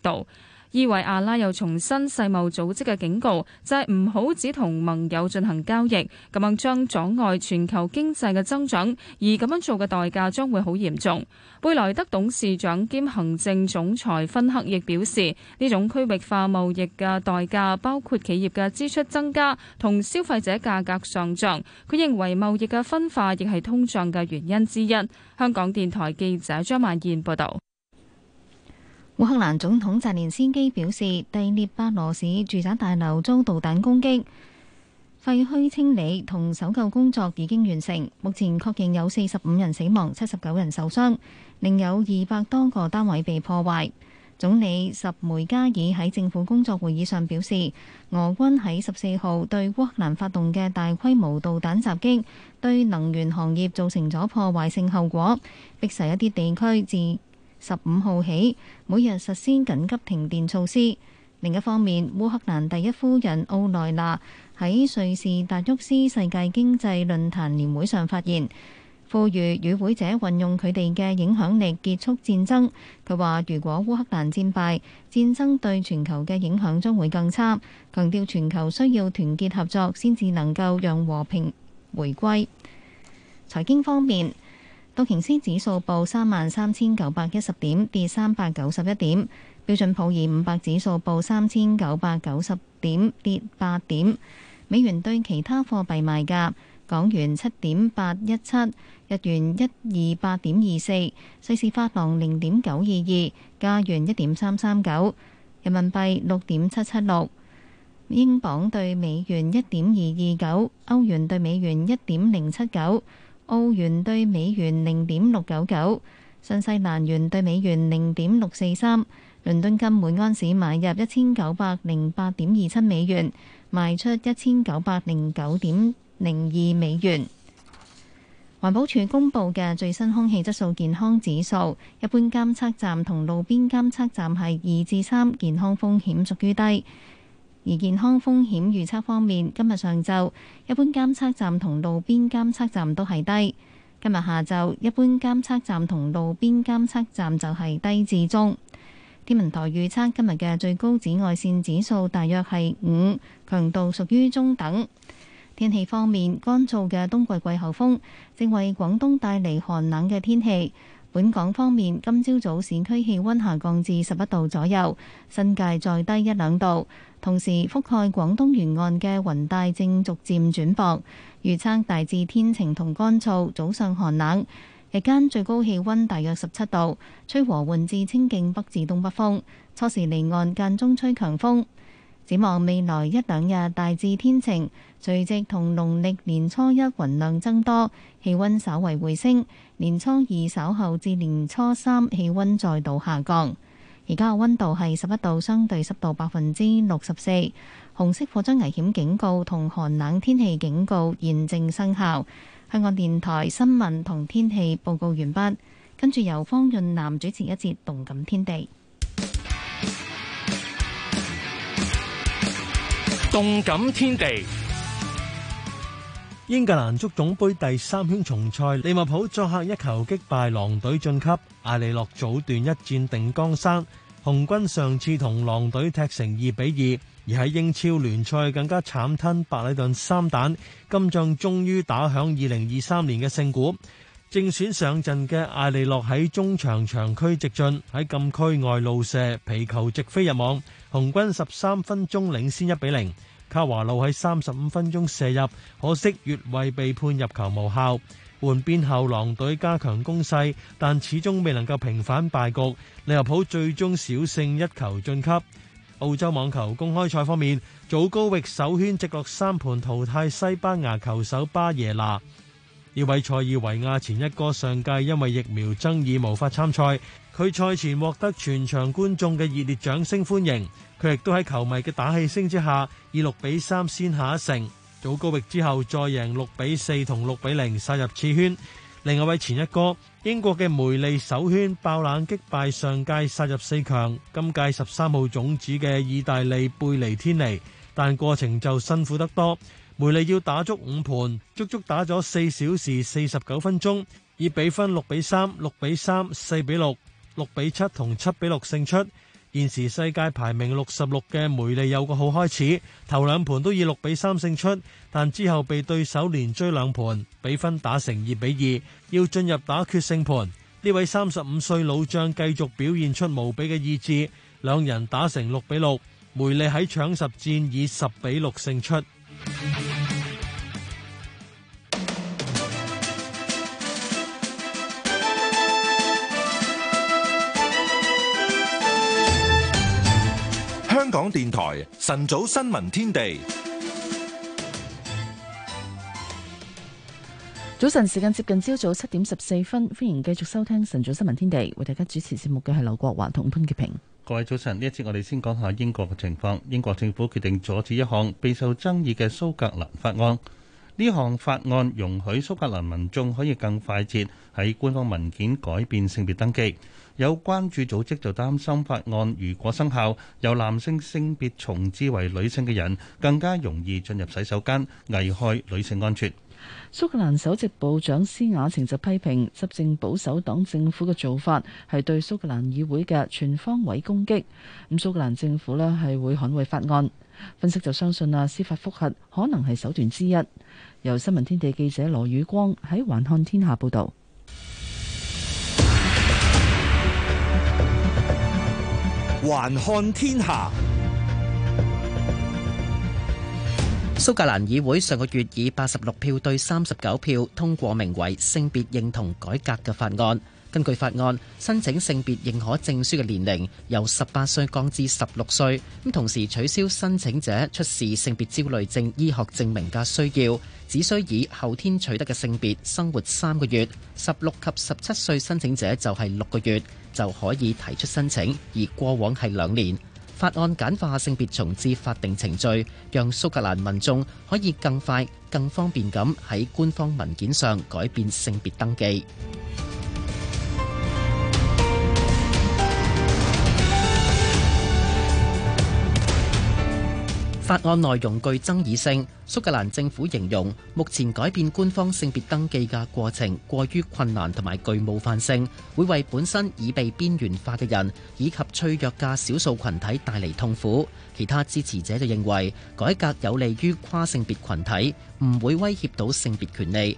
道，伊維阿拉又重申世貿組織嘅警告，就係唔好只同盟友進行交易，咁樣將阻礙全球經濟嘅增長，而咁樣做嘅代價將會好嚴重。貝萊德董事長兼行政總裁芬克亦表示，呢種區域化貿易嘅代價包括企業嘅支出增加同消費者價格上漲。佢認為貿易嘅分化亦係通脹嘅原因之一。香港電台記者張曼燕報道。烏克蘭總統澤連斯基表示，第聶伯羅市住宅大樓遭導彈攻擊，廢墟清理同搜救工作已經完成。目前確認有四十五人死亡，七十九人受傷，另有二百多個單位被破壞。總理什梅加爾喺政府工作會議上表示，俄軍喺十四號對烏克蘭發動嘅大規模導彈襲擊，對能源行業造成咗破壞性後果，逼使一啲地區至。十五號起，每日實施緊急停電措施。另一方面，烏克蘭第一夫人奧萊娜喺瑞士達沃斯世界經濟論壇年會上發言，呼籲與會者運用佢哋嘅影響力結束戰爭。佢話：如果烏克蘭戰敗，戰爭對全球嘅影響將會更差。強調全球需要團結合作，先至能夠讓和平回歸。財經方面。道瓊斯指數報三萬三千九百一十點，跌三百九十一點。標準普爾五百指數報三千九百九十點，跌八點。美元對其他貨幣賣價：港元七點八一七，日元一二八點二四，瑞士法郎零點九二二，加元一點三三九，人民幣六點七七六，英鎊對美元一點二二九，歐元對美元一點零七九。澳元兌美元零點六九九，新西蘭元兌美元零點六四三，倫敦金每安士買入一千九百零八點二七美元，賣出一千九百零九點零二美元。環保署公布嘅最新空氣質素健康指數，一般監測站同路邊監測站係二至三，健康風險屬於低。而健康風險預測方面，今日上晝一般監測站同路邊監測站都係低。今日下晝一般監測站同路邊監測站就係低至中。天文台預測今日嘅最高紫外線指數大約係五，強度屬於中等。天氣方面，乾燥嘅冬季季候風正為廣東帶嚟寒冷嘅天氣。本港方面，今朝早，早市區氣溫下降至十一度左右，新界再低一兩度。同時覆蓋廣東沿岸嘅雲帶正逐漸轉薄，預測大致天晴同乾燥，早上寒冷，日間最高氣溫大約十七度，吹和緩至清勁北至東北風，初時離岸間中吹強風。展望未來一兩日大致天晴，除夕同農曆年初一雲量增多，氣溫稍爲回升；年初二稍後至年初三氣溫再度下降。而家嘅溫度係十一度，相對濕度百分之六十四。紅色火災危險警告同寒冷天氣警告現正生效。香港電台新聞同天氣報告完畢，跟住由方潤南主持一節動感天地。動感天地。英格蘭足總盃第三圈重賽，利物浦作客一球擊敗狼隊晉級。艾利洛早段一戰定江山，紅軍上次同狼隊踢成二比二，而喺英超聯賽更加慘吞白里頓三蛋。今仗終於打響二零二三年嘅勝鼓。正選上陣嘅艾利洛喺中場長驅直進，喺禁區外怒射皮球直飛入網，紅軍十三分鐘領先一比零。卡華路喺三十五分鐘射入，可惜越位被判入球無效。換邊後，狼隊加強攻勢，但始終未能夠平反敗局。利物浦最終小勝一球晉級。澳洲網球公開賽方面，祖高域首圈直落三盤淘汰西班牙球手巴耶拿。呢位塞爾維亞前一哥上屆因為疫苗爭議無法參賽，佢賽前獲得全場觀眾嘅熱烈掌聲歡迎。佢亦都喺球迷嘅打氣聲之下，以六比三先下一城，祖高域之後再贏六比四同六比零殺入次圈。另外一位前一哥，英國嘅梅利首圈爆冷擊敗上屆殺入四強，今屆十三號種子嘅意大利貝尼天尼，但過程就辛苦得多。梅利要打足五盤，足足打咗四小時四十九分鐘，以比分六比三、六比三、四比六、六比七同七比六勝出。現時世界排名六十六嘅梅利有個好開始，頭兩盤都以六比三勝出，但之後被對手連追兩盤，比分打成二比二，要進入打決勝盤。呢位三十五歲老將繼續表現出無比嘅意志，兩人打成六比六，梅利喺搶十戰以十比六勝出。港電台晨早新聞天地，早晨時間接近朝早七點十四分，歡迎繼續收聽晨早新聞天地，為大家主持節目嘅係劉國華同潘潔平。各位早晨，呢一節我哋先講下英國嘅情況。英國政府決定阻止一項備受爭議嘅蘇格蘭法案。呢項法案容許蘇格蘭民眾可以更快捷喺官方文件改變性別登記。有關注組織就擔心法案如果生效，由男性性別重置為女性嘅人更加容易進入洗手間，危害女性安全。蘇格蘭首席部長施雅晴就批評執政保守黨政府嘅做法係對蘇格蘭議會嘅全方位攻擊。咁蘇格蘭政府呢係會捍衞法案，分析就相信啊司法覆核可能係手段之一。由新聞天地記者羅宇光喺環看天下報導。環看天下，蘇格蘭議會上個月以八十六票對三十九票通過名為性別認同改革嘅法案。根據法案，申請性別認可證書嘅年齡由十八歲降至十六歲，咁同時取消申請者出示性別焦慮症醫學證明嘅需要，只需以後天取得嘅性別生活三個月，十六及十七歲申請者就係六個月就可以提出申請，而過往係兩年。法案簡化性別重置法定程序，讓蘇格蘭民眾可以更快、更方便咁喺官方文件上改變性別登記。法案內容具爭議性，蘇格蘭政府形容目前改變官方性別登記嘅過程過於困難同埋具冒犯性，會為本身已被邊緣化嘅人以及脆弱嘅少數群體帶嚟痛苦。其他支持者就認為改革有利於跨性別群體，唔會威脅到性別權利。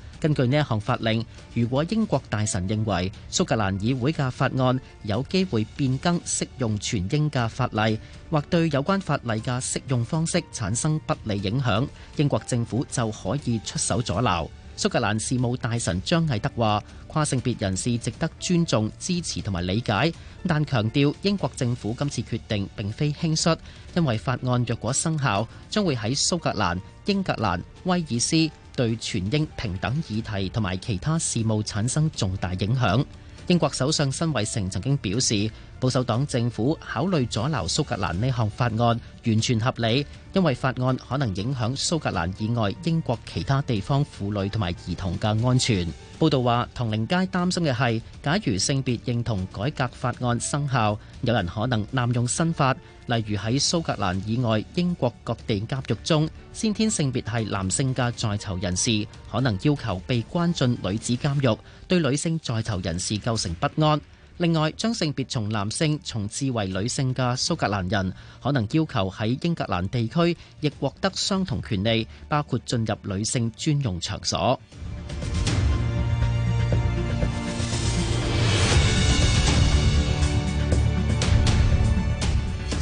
根據呢一項法令，如果英國大臣認為蘇格蘭議會嘅法案有機會變更適用全英嘅法例，或對有關法例嘅適用方式產生不利影響，英國政府就可以出手阻撓。蘇格蘭事務大臣張毅德話：跨性別人士值得尊重、支持同埋理解，但強調英國政府今次決定並非輕率，因為法案若果生效，將會喺蘇格蘭、英格蘭、威爾斯，對全英平等議題同埋其他事務產生重大影響。英國首相辛偉誠曾經表示。保守黨政府考慮阻撓蘇格蘭呢項法案，完全合理，因為法案可能影響蘇格蘭以外英國其他地方婦女同埋兒童嘅安全。報道話，唐寧街擔心嘅係，假如性別認同改革法案生效，有人可能濫用新法，例如喺蘇格蘭以外英國各地監獄中，先天性別係男性嘅在囚人士，可能要求被關進女子監獄，對女性在囚人士構成不安。另外，將性別從男性重置為女性嘅蘇格蘭人，可能要求喺英格蘭地區亦獲得相同權利，包括進入女性專用場所。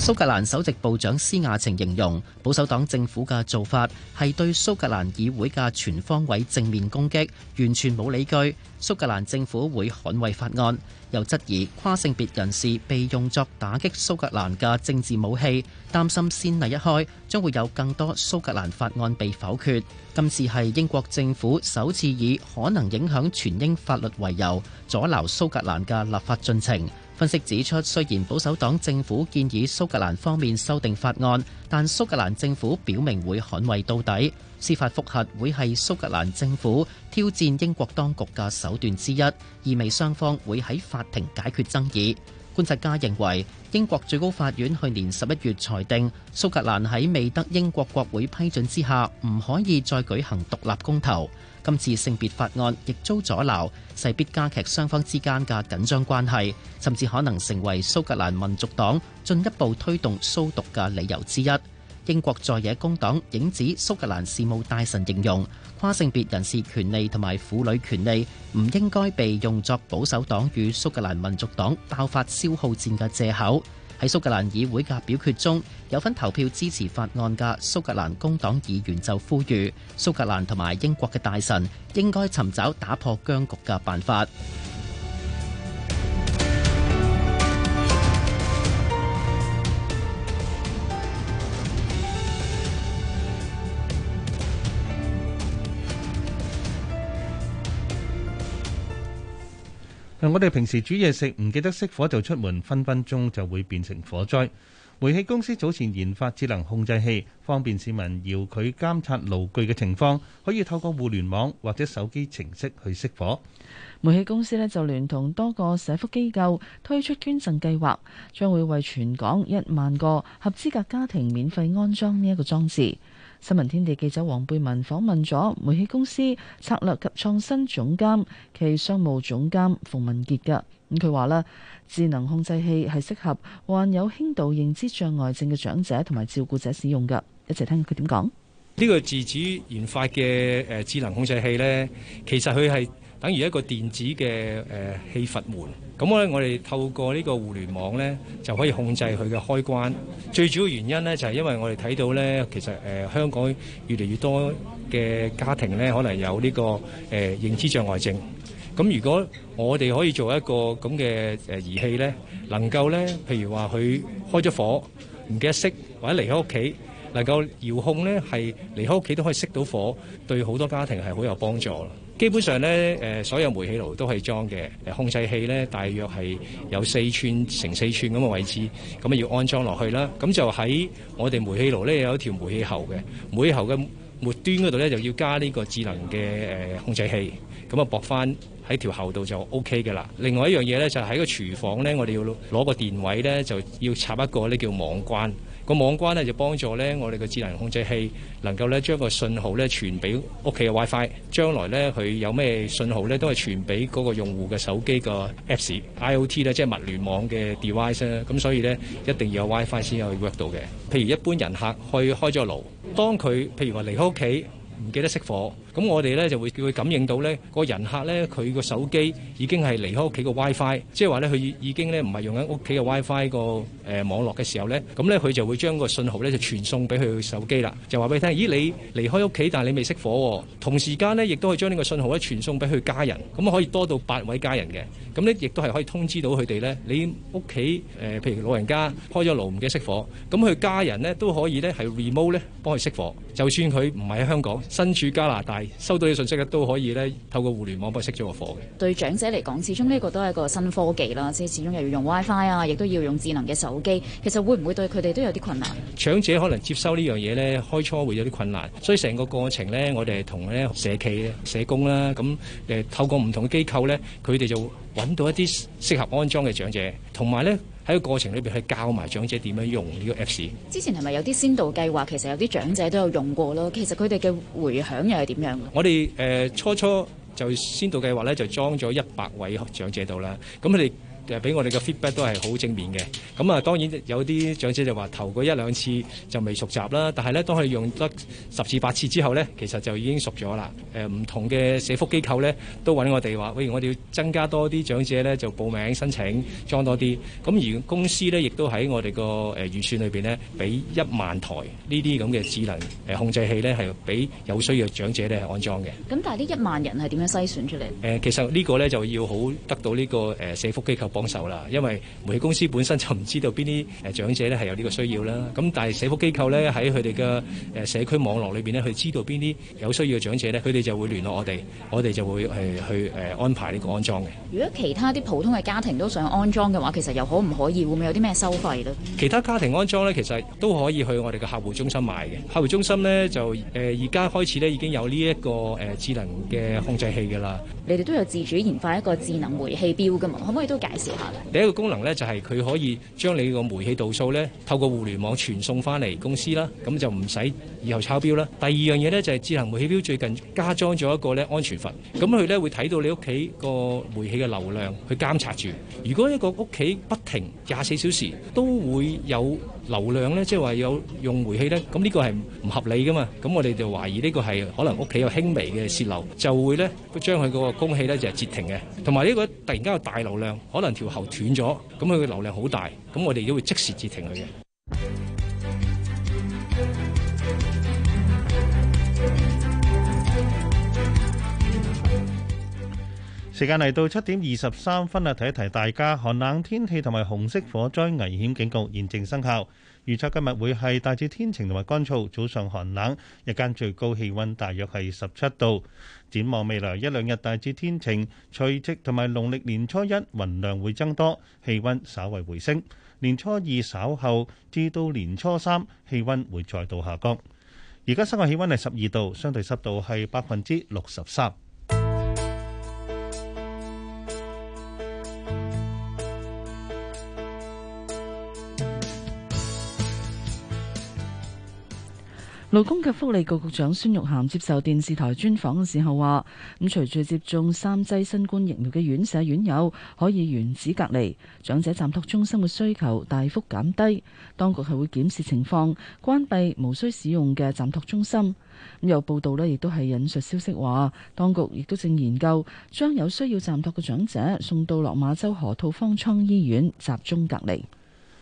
蘇格蘭首席部長施雅晴形容保守黨政府嘅做法係對蘇格蘭議會嘅全方位正面攻擊，完全冇理據。蘇格蘭政府會捍衛法案，又質疑跨性別人士被用作打擊蘇格蘭嘅政治武器，擔心先例一開，將會有更多蘇格蘭法案被否決。今次係英國政府首次以可能影響全英法律為由，阻撓蘇格蘭嘅立法進程。分析指出，雖然保守黨政府建議蘇格蘭方面修訂法案，但蘇格蘭政府表明會捍衛到底。司法覆核會係蘇格蘭政府挑戰英國當局嘅手段之一，意味雙方會喺法庭解決爭議。觀察家認為英國最高法院去年十一月裁定蘇格蘭喺未得英國國會批准之下唔可以再舉行獨立公投今次性別法案亦遭阻撓，勢必加劇雙方之間嘅緊張關係，甚至可能成為蘇格蘭民族黨進一步推動蘇獨嘅理由之一。英國在野工黨影子蘇格蘭事務大臣形容，跨性別人士權利同埋婦女權利唔應該被用作保守黨與蘇格蘭民族黨爆發消耗戰嘅藉口。喺蘇格蘭議會嘅表決中，有份投票支持法案嘅蘇格蘭工黨議員就呼籲蘇格蘭同埋英國嘅大臣應該尋找打破僵局嘅辦法。我哋平時煮嘢食唔記得熄火就出門，分分鐘就會變成火災。煤氣公司早前研發智能控制器，方便市民遙距監察爐具嘅情況，可以透過互聯網或者手機程式去熄火。煤氣公司呢，就聯同多個社福機構推出捐贈計劃，將會為全港一萬個合資格家庭免費安裝呢一個裝置。新聞天地記者黃貝文訪問咗煤氣公司策略及創新總監、其商務總監馮文杰噶，咁佢話啦，智能控制器係適合患有輕度認知障礙症嘅長者同埋照顧者使用噶，一齊聽佢點講。呢個自主研發嘅誒智能控制器呢，其實佢係。等於一個電子嘅誒氣閥門，咁呢我哋透過呢個互聯網呢，就可以控制佢嘅開關。最主要原因呢就係因為我哋睇到呢，其實誒香港越嚟越多嘅家庭呢，可能有呢個誒認知障礙症。咁如果我哋可以做一個咁嘅誒儀器呢，能夠呢，譬如話佢開咗火唔記得熄，或者離開屋企，能夠遙控呢，係離開屋企都可以熄到火，對好多家庭係好有幫助啦。基本上咧，誒所有煤氣爐都可以裝嘅，誒控制器咧大約係有四寸乘四寸咁嘅位置，咁啊要安裝落去啦。咁就喺我哋煤氣爐咧有一條煤氣喉嘅煤氣喉嘅末端嗰度咧就要加呢個智能嘅誒控制器，咁啊駁翻喺條喉度就 O K 嘅啦。另外一樣嘢咧就喺、是、個廚房咧，我哋要攞個電位咧就要插一個呢叫網關。個網關咧就幫助咧，我哋個智能控制器能夠咧將個信號咧傳俾屋企嘅 WiFi。將來咧佢有咩信號咧都係傳俾嗰個用戶嘅手機個 Apps，IoT 咧即係物聯網嘅 device。咁所以咧一定要有 WiFi 先可以 work 到嘅。譬如一般人客去開咗爐，當佢譬如話離開屋企，唔記得熄火。咁我哋呢就會叫佢感應到呢個人客呢，佢個手機已經係離開屋企個 WiFi，即係話呢，佢已經呢唔係用緊屋企嘅 WiFi 個誒網絡嘅時候呢。咁呢，佢就會將個信號呢就傳送俾佢手機啦，就話俾你聽：咦，你離開屋企，但係你未熄火。同時間呢，亦都可以將呢個信號呢傳送俾佢家人，咁可以多到八位家人嘅。咁呢，亦都係可以通知到佢哋呢：「你屋企誒譬如老人家開咗爐唔記得熄火」，咁佢家人呢，都可以呢係 remote 呢幫佢熄火，就算佢唔喺香港，身處加拿大。收到嘅信息咧都可以咧，透過互聯網幫識咗個貨嘅。對長者嚟講，始終呢個都係一個新科技啦，即係始終又要用 WiFi 啊，Fi，亦都要用智能嘅手機。其實會唔會對佢哋都有啲困難？長者可能接收呢樣嘢咧，開初會有啲困難，所以成個過程咧，我哋係同咧社企、社工啦，咁誒透過唔同嘅機構咧，佢哋就揾到一啲適合安裝嘅長者，同埋咧。喺個過程裏邊去教埋長者點樣用呢個 Apps。之前係咪有啲先導計劃？其實有啲長者都有用過咯。其實佢哋嘅回響又係點樣？我哋誒、呃、初初就先導計劃咧，就裝咗一百位長者度啦。咁佢哋。誒俾我哋嘅 feedback 都係好正面嘅，咁、嗯、啊當然有啲長者就話頭嗰一兩次就未熟習啦，但係呢，當佢用得十次八次之後呢，其實就已經熟咗啦。誒、呃、唔同嘅社福機構呢，都揾我哋話，不如我哋要增加多啲長者呢，就報名申請裝多啲。咁、嗯、而公司呢，亦都喺我哋個誒預算裏邊呢，俾一萬台呢啲咁嘅智能誒控制器呢，係俾有需要嘅長者呢係安裝嘅。咁、嗯、但係呢一萬人係點樣篩選出嚟？誒、呃、其實呢個呢，就要好得到呢個誒社福機構幫手啦，因為煤氣公司本身就唔知道邊啲誒長者咧係有呢個需要啦。咁但係社福機構咧喺佢哋嘅誒社區網絡裏邊咧，佢知道邊啲有需要嘅長者咧，佢哋就會聯絡我哋，我哋就會係去誒安排呢個安裝嘅。如果其他啲普通嘅家庭都想安裝嘅話，其實又可唔可以會唔會有啲咩收費咧？其他家庭安裝咧，其實都可以去我哋嘅客戶中心買嘅。客戶中心咧就誒而家開始咧已經有呢一個誒智能嘅控制器㗎啦。你哋都有自主研發一個智能煤氣錶㗎嘛？可唔可以都介紹？第一個功能呢，就係佢可以將你個煤氣度數呢，透過互聯網傳送翻嚟公司啦，咁就唔使以後抄表啦。第二樣嘢呢，就係智能煤氣表最近加裝咗一個呢，安全閥，咁佢呢會睇到你屋企個煤氣嘅流量去監察住，如果一個屋企不停廿四小時都會有。流量咧，即係話有用煤氣咧，咁呢個係唔合理噶嘛，咁我哋就懷疑呢個係可能屋企有輕微嘅洩漏，就會咧將佢個供氣咧就係截停嘅，同埋呢個突然間有大流量，可能條喉斷咗，咁佢個流量好大，咁我哋都會即時截停佢嘅。時間嚟到七點二十三分啦，提一提大家，寒冷天氣同埋紅色火災危險警告現正生效。預測今日會係大致天晴同埋乾燥，早上寒冷，日間最高氣温大約係十七度。展望未來一兩日大致天晴，除夕同埋農曆年初一雲量會增多，氣温稍為回升。年初二稍後至到年初三氣温會再度下降。而家室外氣温係十二度，相對濕度係百分之六十三。勞工及福利局局長孫玉菡接受電視台專訪嘅時候話，咁隨住接種三劑新冠疫苗嘅院舍院友可以原址隔離，長者暫托中心嘅需求大幅減低，當局係會檢視情況，關閉無需使用嘅暫托中心。咁有報道呢亦都係引述消息話，當局亦都正研究將有需要暫托嘅長者送到落馬洲河套方艙醫院集中隔離。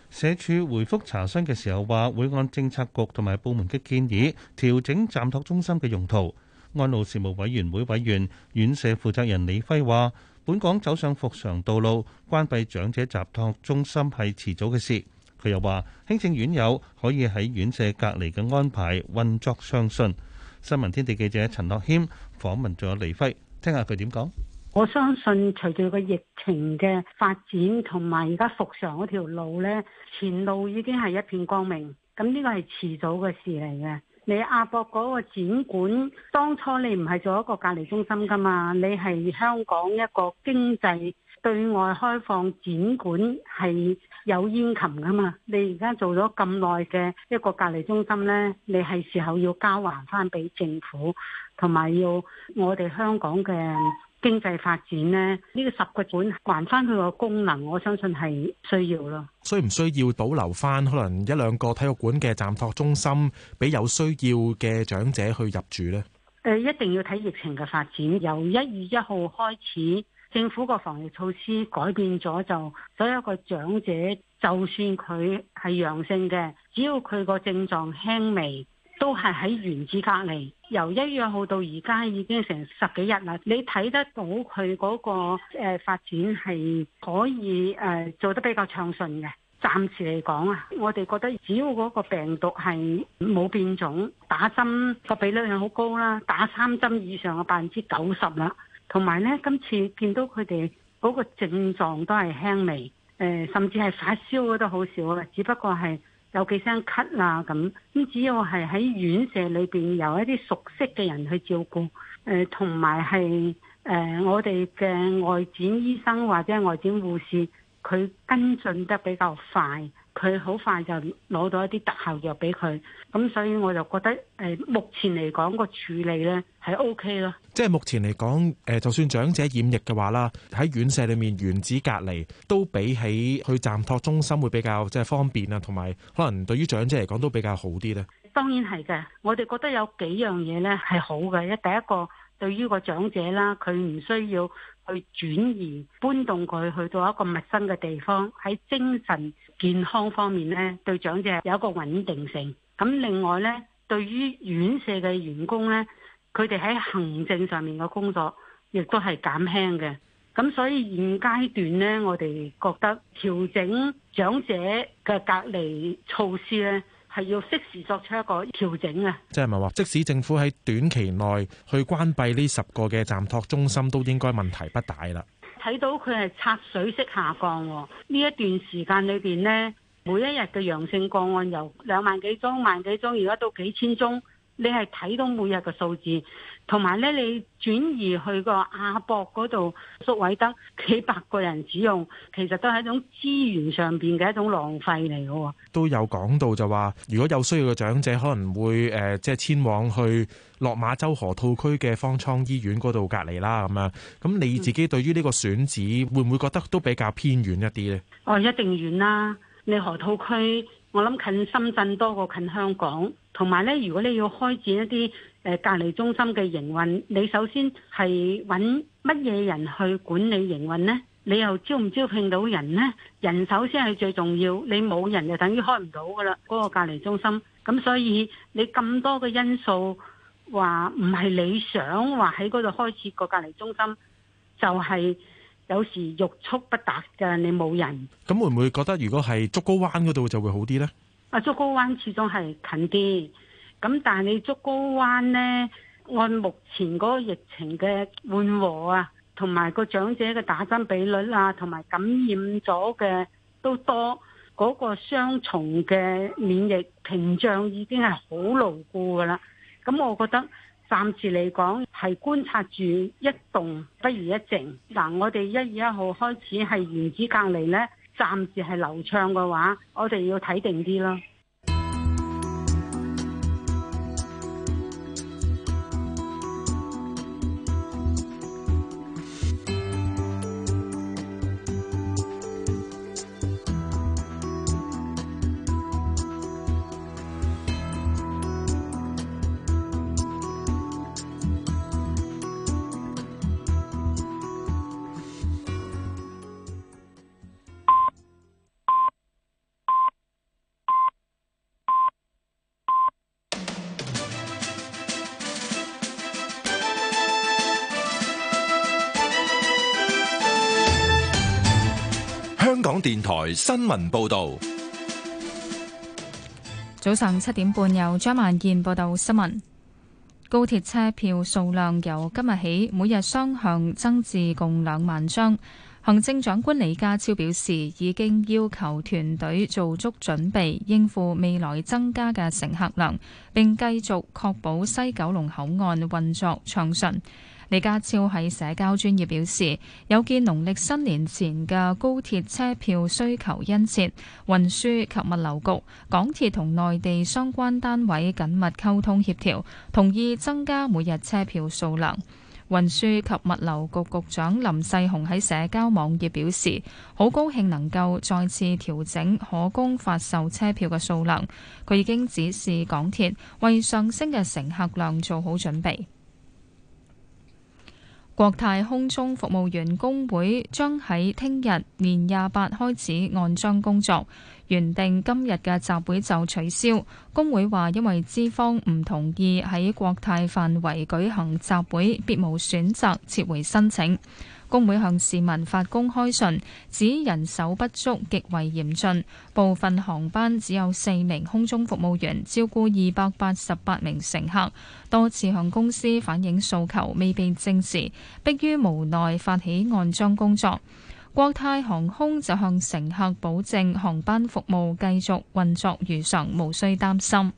社署回覆查詢嘅時候話，會按政策局同埋部門嘅建議調整暫托中心嘅用途。安老事務委員會委員、院舍負責人李輝話：本港走上復常道路，關閉長者暫托中心係遲早嘅事。佢又話：輕症院友可以喺院舍隔離嘅安排運作相信。新聞天地記者陳樂謙訪問咗李輝，聽下佢點講。我相信隨住個疫情嘅發展同埋而家復常嗰條路咧，前路已經係一片光明。咁呢個係遲早嘅事嚟嘅。你亞博嗰個展館當初你唔係做一個隔離中心噶嘛？你係香港一個經濟對外開放展館係有煙韌噶嘛？你而家做咗咁耐嘅一個隔離中心咧，你係時候要交還翻俾政府，同埋要我哋香港嘅。經濟發展呢，呢、個十個館還翻佢個功能，我相信係需要咯。需唔需要保留翻可能一兩個體育館嘅暫託中心，俾有需要嘅長者去入住呢？誒，一定要睇疫情嘅發展。由一月一號開始，政府個防疫措施改變咗，就所有個長者，就算佢係陽性嘅，只要佢個症狀輕微。都係喺原子隔離，由一月號到而家已經成十幾日啦。你睇得到佢嗰個誒發展係可以誒做得比較暢順嘅。暫時嚟講啊，我哋覺得只要嗰個病毒係冇變種，打針個比率係好高啦，打三針以上嘅百分之九十啦。同埋呢，今次見到佢哋嗰個症狀都係輕微，誒甚至係發燒都好少嘅，只不過係。有幾聲咳啊，咁，咁只要係喺院舍裏邊由一啲熟悉嘅人去照顧，誒、呃，同埋係誒我哋嘅外展醫生或者外展護士，佢跟進得比較快。佢好快就攞到一啲特效藥俾佢，咁所以我就覺得誒，目前嚟講個處理咧係 O K 咯。即係目前嚟講，誒，就算長者染疫嘅話啦，喺院舍裏面原址隔離，都比起去暫托中心會比較即係方便啊，同埋可能對於長者嚟講都比較好啲咧。當然係嘅，我哋覺得有幾樣嘢咧係好嘅。一第一個對於個長者啦，佢唔需要去轉移搬動佢去到一個陌生嘅地方，喺精神。健康方面咧，對長者有一個穩定性。咁另外咧，對於院舍嘅員工咧，佢哋喺行政上面嘅工作亦都係減輕嘅。咁所以現階段咧，我哋覺得調整長者嘅隔離措施咧，係要適時作出一個調整嘅。即係咪話，即使政府喺短期內去關閉呢十個嘅暫託中心，都應該問題不大啦。睇到佢係插水式下降喎，呢一段時間裏邊咧，每一日嘅陽性個案由兩萬幾宗、萬幾宗，而家都幾千宗。你係睇到每日嘅數字，同埋咧你轉移去個亞博嗰度，宿位得幾百個人使用，其實都係一種資源上邊嘅一種浪費嚟嘅喎。都有講到就話，如果有需要嘅長者，可能會誒即係遷往去落馬洲河套區嘅方艙醫院嗰度隔離啦。咁樣咁你自己對於呢個選址，會唔會覺得都比較偏遠一啲呢？哦、嗯，一定遠啦！你河套區。我諗近深圳多過近香港，同埋呢，如果你要開展一啲誒隔離中心嘅營運，你首先係揾乜嘢人去管理營運呢？你又招唔招聘到人呢？人手先係最重要，你冇人就等於開唔到噶啦。嗰、那個隔離中心，咁所以你咁多嘅因素，話唔係你想話喺嗰度開設個隔離中心，就係、是。有時欲速不達嘅，你冇人。咁會唔會覺得，如果係竹篙灣嗰度就會好啲呢？啊，竹篙灣始終係近啲。咁但係你竹篙灣呢？按目前嗰個疫情嘅緩和啊，同埋個長者嘅打針比率啊，同埋感染咗嘅都多，嗰個雙重嘅免疫屏障已經係好牢固噶啦。咁我覺得。暫時嚟講係觀察住一動不如一靜。嗱，我哋一月一號開始係原址隔離咧，暫時係流暢嘅話，我哋要睇定啲咯。電台新聞報道：早上七點半，有張萬健報道新聞。高鐵車票數量由今日起每日雙向增至共兩萬張。行政長官李家超表示，已經要求團隊做足準備，應付未來增加嘅乘客量，並繼續確保西九龍口岸運作暢順。李家超喺社交專頁表示，有見農曆新年前嘅高鐵車票需求殷切，運輸及物流局、港鐵同內地相關單位緊密溝通協調，同意增加每日車票數量。運輸及物流局局長林世雄喺社交網頁表示，好高興能夠再次調整可供發售車票嘅數量，佢已經指示港鐵為上升嘅乘客量做好準備。國泰空中服務員工會將喺聽日年廿八開始按章工作，原定今日嘅集會就取消。工會話，因為資方唔同意喺國泰範圍舉行集會，別無選擇，撤回申請。工會向市民發公開信，指人手不足極為嚴峻，部分航班只有四名空中服務員照顧二百八十八名乘客。多次向公司反映訴求未被正視，迫於無奈發起按章工作。國泰航空就向乘客保證，航班服務繼續運作如常，無需擔心。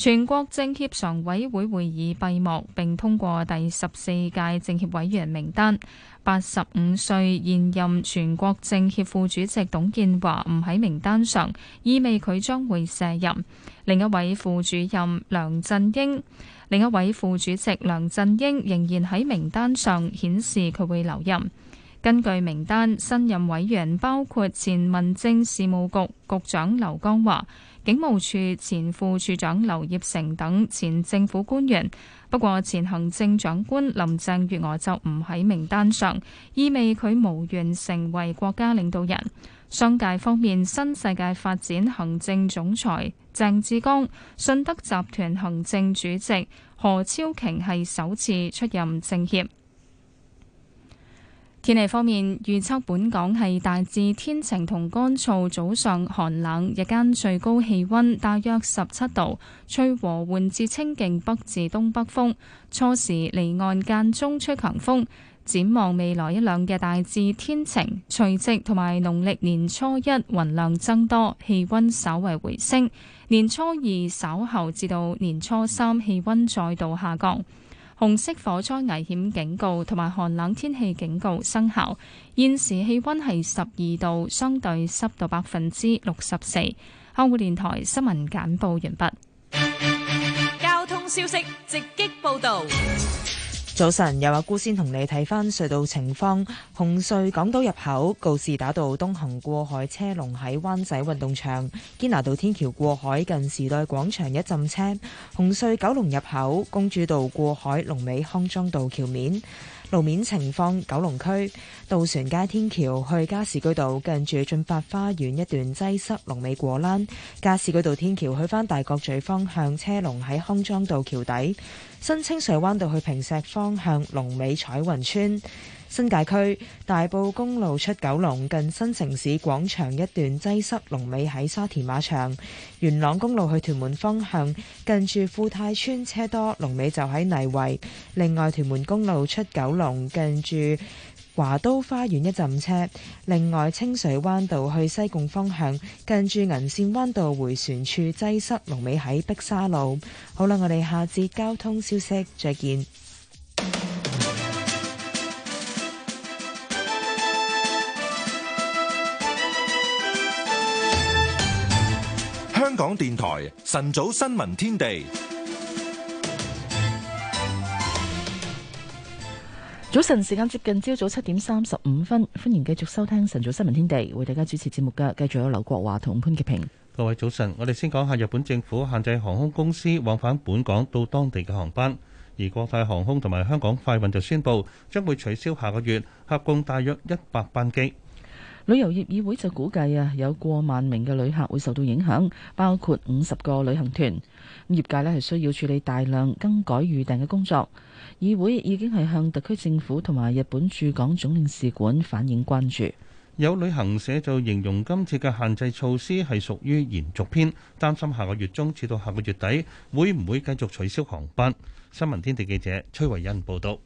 全國政協常委會會議閉幕，並通過第十四屆政協委員名單。八十五歲現任全國政協副主席董建華唔喺名單上，意味佢將會卸任。另一位副主任梁振英，另一位副主席梁振英，仍然喺名單上顯示佢會留任。根據名單，新任委員包括前民政事務局局局長劉江華。警務處前副處長劉業成等前政府官員，不過前行政長官林鄭月娥就唔喺名單上，意味佢無緣成為國家領導人。商界方面，新世界發展行政總裁鄭志剛、信德集團行政主席何超瓊係首次出任政協。天氣方面，預測本港係大致天晴同乾燥，早上寒冷，日間最高氣溫大約十七度，吹和緩至清勁北至東北風，初時離岸間中吹強風。展望未來一兩日大致天晴，除夕同埋農曆年初一雲量增多，氣溫稍為回升；年初二稍後至到年初三氣溫再度下降。紅色火災危險警告同埋寒冷天氣警告生效。現時氣溫係十二度，相對濕度百分之六十四。香港電台新聞簡報完畢。交通消息直擊報道。早晨，又話姑先同你睇返隧道情況。紅隧港島入口告士打道東行過海車龍喺灣仔運動場，堅拿道天橋過海近時代廣場一浸車。紅隧九龍入口公主道過海龍尾康莊道橋面，路面情況。九龍區渡船街天橋去加士居道近住駿發花園一段擠塞，龍尾果欄。加士居道天橋去返大角咀方向車龍喺康莊道橋底。新清水灣道去坪石方向，龍尾彩雲村。新界區大埔公路出九龍近新城市廣場一段擠塞，龍尾喺沙田馬場。元朗公路去屯門方向，近住富泰村車多，龍尾就喺泥圍。另外，屯門公路出九龍近住。華都花園一站車。另外，清水灣道去西貢方向，近住銀線灣道回旋處擠塞，龍尾喺碧沙路。好啦，我哋下節交通消息，再見。香港電台晨早新聞天地。早晨，時間接近朝早七點三十五分，歡迎繼續收聽晨早新聞天地，為大家主持節目嘅繼續有劉國華同潘潔平。各位早晨，我哋先講下日本政府限制航空公司往返本港到當地嘅航班，而國泰航空同埋香港快運就宣布將會取消下個月合共大約一百班機。旅遊業議會就估計啊，有過萬名嘅旅客會受到影響，包括五十個旅行團。咁業界咧係需要處理大量更改預訂嘅工作。議會已經係向特區政府同埋日本駐港總領事館反映關注。有旅行社就形容今次嘅限制措施係屬於延續篇，擔心下個月中至到下個月底會唔會繼續取消航班。新聞天地記者崔維恩報道。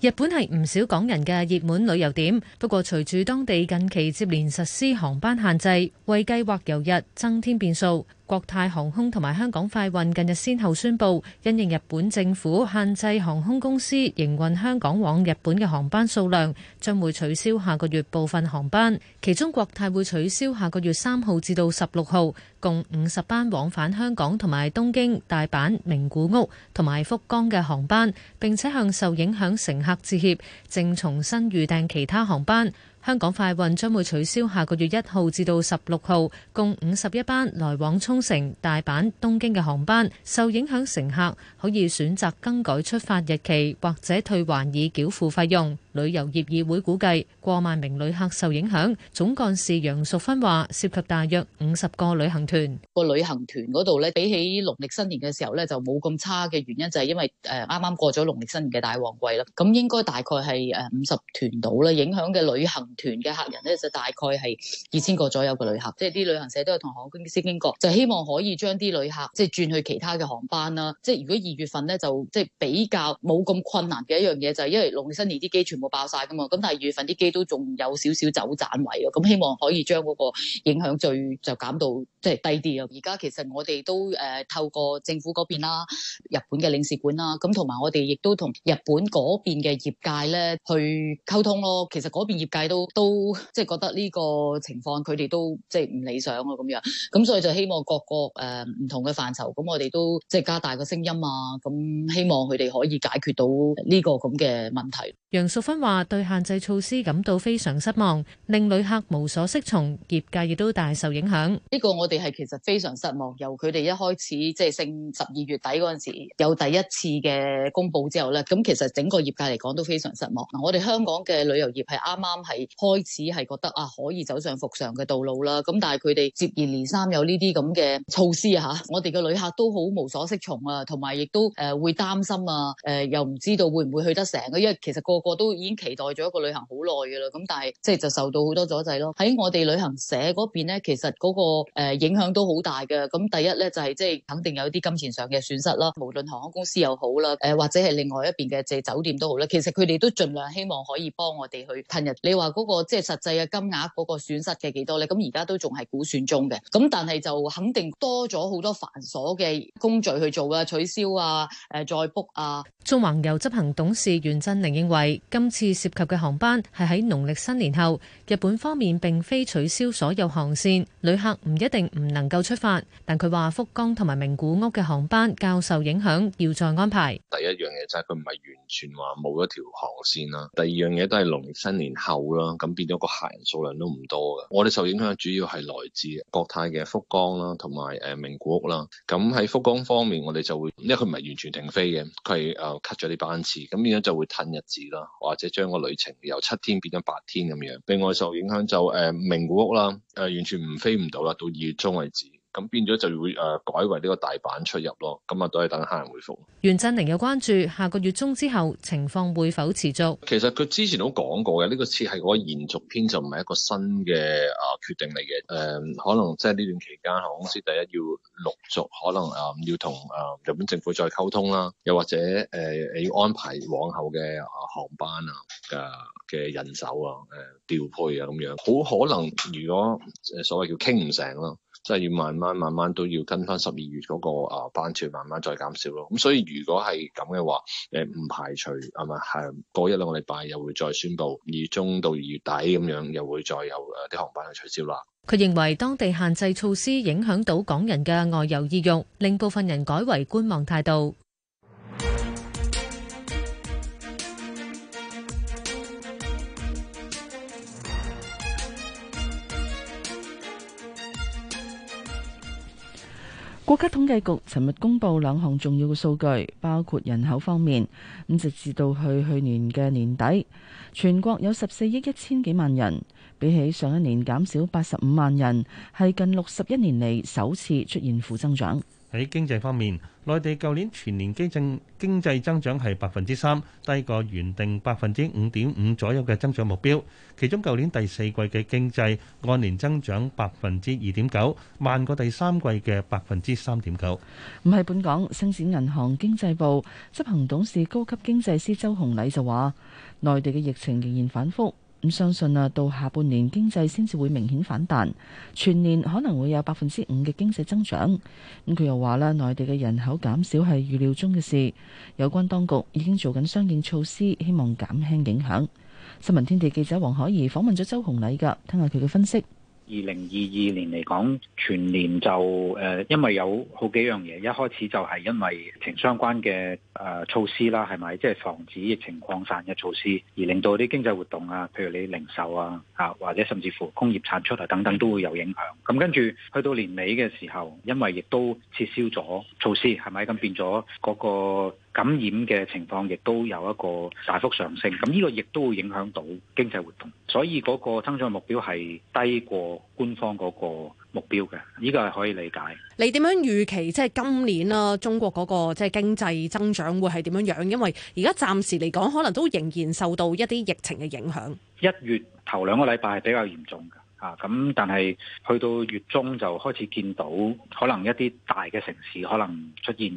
日本係唔少港人嘅熱門旅遊點，不過隨住當地近期接連實施航班限制，為計劃遊日增添變數。國泰航空同埋香港快運近日先後宣布，因應日本政府限制航空公司營運香港往日本嘅航班數量，將會取消下個月部分航班。其中國泰會取消下個月三號至到十六號，共五十班往返香港同埋東京、大阪、名古屋同埋福岡嘅航班，並且向受影響乘客致歉，正重新預訂其他航班。香港快運將會取消下個月一號至到十六號共五十一班來往沖繩、大阪、東京嘅航班，受影響乘客可以選擇更改出發日期或者退還已繳付費用。旅遊業議會估計過萬名旅客受影響，總幹事楊淑芬話涉及大約五十個旅行團。個旅行團嗰度咧，比起農曆新年嘅時候咧就冇咁差嘅原因就係因為誒啱啱過咗農曆新年嘅大旺季啦。咁應該大概係誒五十團到啦，影響嘅旅行團嘅客人咧就大概係二千個左右嘅旅客，即係啲旅行社都有同航空公司傾過，就希望可以將啲旅客即係轉去其他嘅航班啦。即係如果二月份咧就即係比較冇咁困難嘅一樣嘢就係因為農曆新年啲機船。冇爆晒噶嘛，咁但係二月份啲機都仲有少少走盞位咯。咁希望可以將嗰個影響最就減到即係低啲。而家其實我哋都誒透過政府嗰邊啦、日本嘅領事館啦，咁同埋我哋亦都同日本嗰邊嘅業界咧去溝通咯。其實嗰邊業界都都即係覺得呢個情況，佢哋都即係唔理想啊。咁樣咁所以就希望各個誒唔同嘅範疇，咁我哋都即係加大個聲音啊。咁希望佢哋可以解決到呢個咁嘅問題。楊淑芬話：對限制措施感到非常失望，令旅客無所適從，業界亦都大受影響。呢個我哋係其實非常失望。由佢哋一開始即係剩十二月底嗰陣時有第一次嘅公布之後呢，咁其實整個業界嚟講都非常失望。嗱，我哋香港嘅旅遊業係啱啱係開始係覺得啊可以走上復常嘅道路啦。咁但係佢哋接二連三有呢啲咁嘅措施啊，吓我哋嘅旅客都好無所適從啊，同埋亦都誒會擔心啊，誒、呃、又唔知道會唔會去得成啊，因為其實個。個都已經期待咗一個旅行好耐嘅啦，咁但係即係就受到好多阻滯咯。喺我哋旅行社嗰邊咧，其實嗰個誒影響都好大嘅。咁第一咧就係、是、即係肯定有啲金錢上嘅損失啦。無論航空公司又好啦，誒或者係另外一邊嘅借酒店都好咧，其實佢哋都盡量希望可以幫我哋去噴日你、那個。你話嗰個即係實際嘅金額嗰個損失嘅幾多咧？咁而家都仲係估算中嘅。咁但係就肯定多咗好多繁瑣嘅工序去做啊，取消啊，誒再 book 啊。縱橫遊執行董事袁振寧認為。今次涉及嘅航班係喺農曆新年後，日本方面並非取消所有航線，旅客唔一定唔能夠出發，但佢話福岡同埋名古屋嘅航班較受影響，要再安排。第一樣嘢就係佢唔係完全話冇一條航線啦。第二樣嘢都係農曆新年後啦，咁變咗個客人數量都唔多嘅。我哋受影響主要係來自國泰嘅福岡啦，同埋誒名古屋啦。咁喺福岡方面，我哋就會，因為佢唔係完全停飛嘅，佢係誒 cut 咗啲班次，咁變咗就會褪日子啦。或者將個旅程由七天變咗八天咁樣，另外受影響就誒、呃、名古屋啦，誒、呃、完全唔飛唔到啦，到二月中為止。咁變咗就會誒改為呢個大阪出入咯。咁啊，都係等客人回覆袁振寧有關注下個月中之後情況會否持續？其實佢之前都講過嘅呢、這個次係個延續篇，就唔係一個新嘅誒決定嚟嘅。誒、呃，可能即係呢段期間航空公司第一要陸續可能誒要同誒日本政府再溝通啦，又或者誒、呃、要安排往後嘅航班啊嘅嘅人手啊誒調配啊咁樣，好可能如果誒所謂叫傾唔成咯。即係要慢慢慢慢都要跟翻十二月嗰個啊班次，慢慢再減少咯。咁所以如果係咁嘅話，誒唔排除啊嘛，係過一兩個禮拜又會再宣布二月中到二月底咁樣又會再有誒啲航班去取消啦。佢認為當地限制措施影響到港人嘅外遊意欲，令部分人改為觀望態度。國家統計局尋日公布兩項重要嘅數據，包括人口方面咁，直至到去去年嘅年底，全國有十四億一千幾萬人，比起上一年減少八十五萬人，係近六十一年嚟，首次出現負增長。喺經濟方面，內地舊年全年經濟經濟增長係百分之三，低過原定百分之五點五左右嘅增長目標。其中舊年第四季嘅經濟按年增長百分之二點九，慢過第三季嘅百分之三點九。唔係，本港星展銀行經濟部執行董事、高級經濟師周洪禮就話：內地嘅疫情仍然反覆。咁相信啊，到下半年經濟先至會明顯反彈，全年可能會有百分之五嘅經濟增長。咁、嗯、佢又話咧，內地嘅人口減少係預料中嘅事，有關當局已經做緊相應措施，希望減輕影響。新聞天地記者黃可怡訪問咗周紅禮噶，聽下佢嘅分析。二零二二年嚟講，全年就誒、呃，因為有好幾樣嘢，一開始就係因為疫情相關嘅誒、呃、措施啦，係咪？即係防止疫情擴散嘅措施，而令到啲經濟活動啊，譬如你零售啊，啊，或者甚至乎工業產出啊等等，都會有影響。咁跟住去到年尾嘅時候，因為亦都撤銷咗措施，係咪？咁變咗嗰、那個。感染嘅情況亦都有一個大幅上升，咁呢個亦都會影響到經濟活動，所以嗰個增長目標係低過官方嗰個目標嘅，呢個係可以理解。你點樣預期即係今年啦？中國嗰個即係經濟增長會係點樣樣？因為而家暫時嚟講，可能都仍然受到一啲疫情嘅影響。一月頭兩個禮拜係比較嚴重嘅。啊，咁但係去到月中就開始見到可能一啲大嘅城市可能出現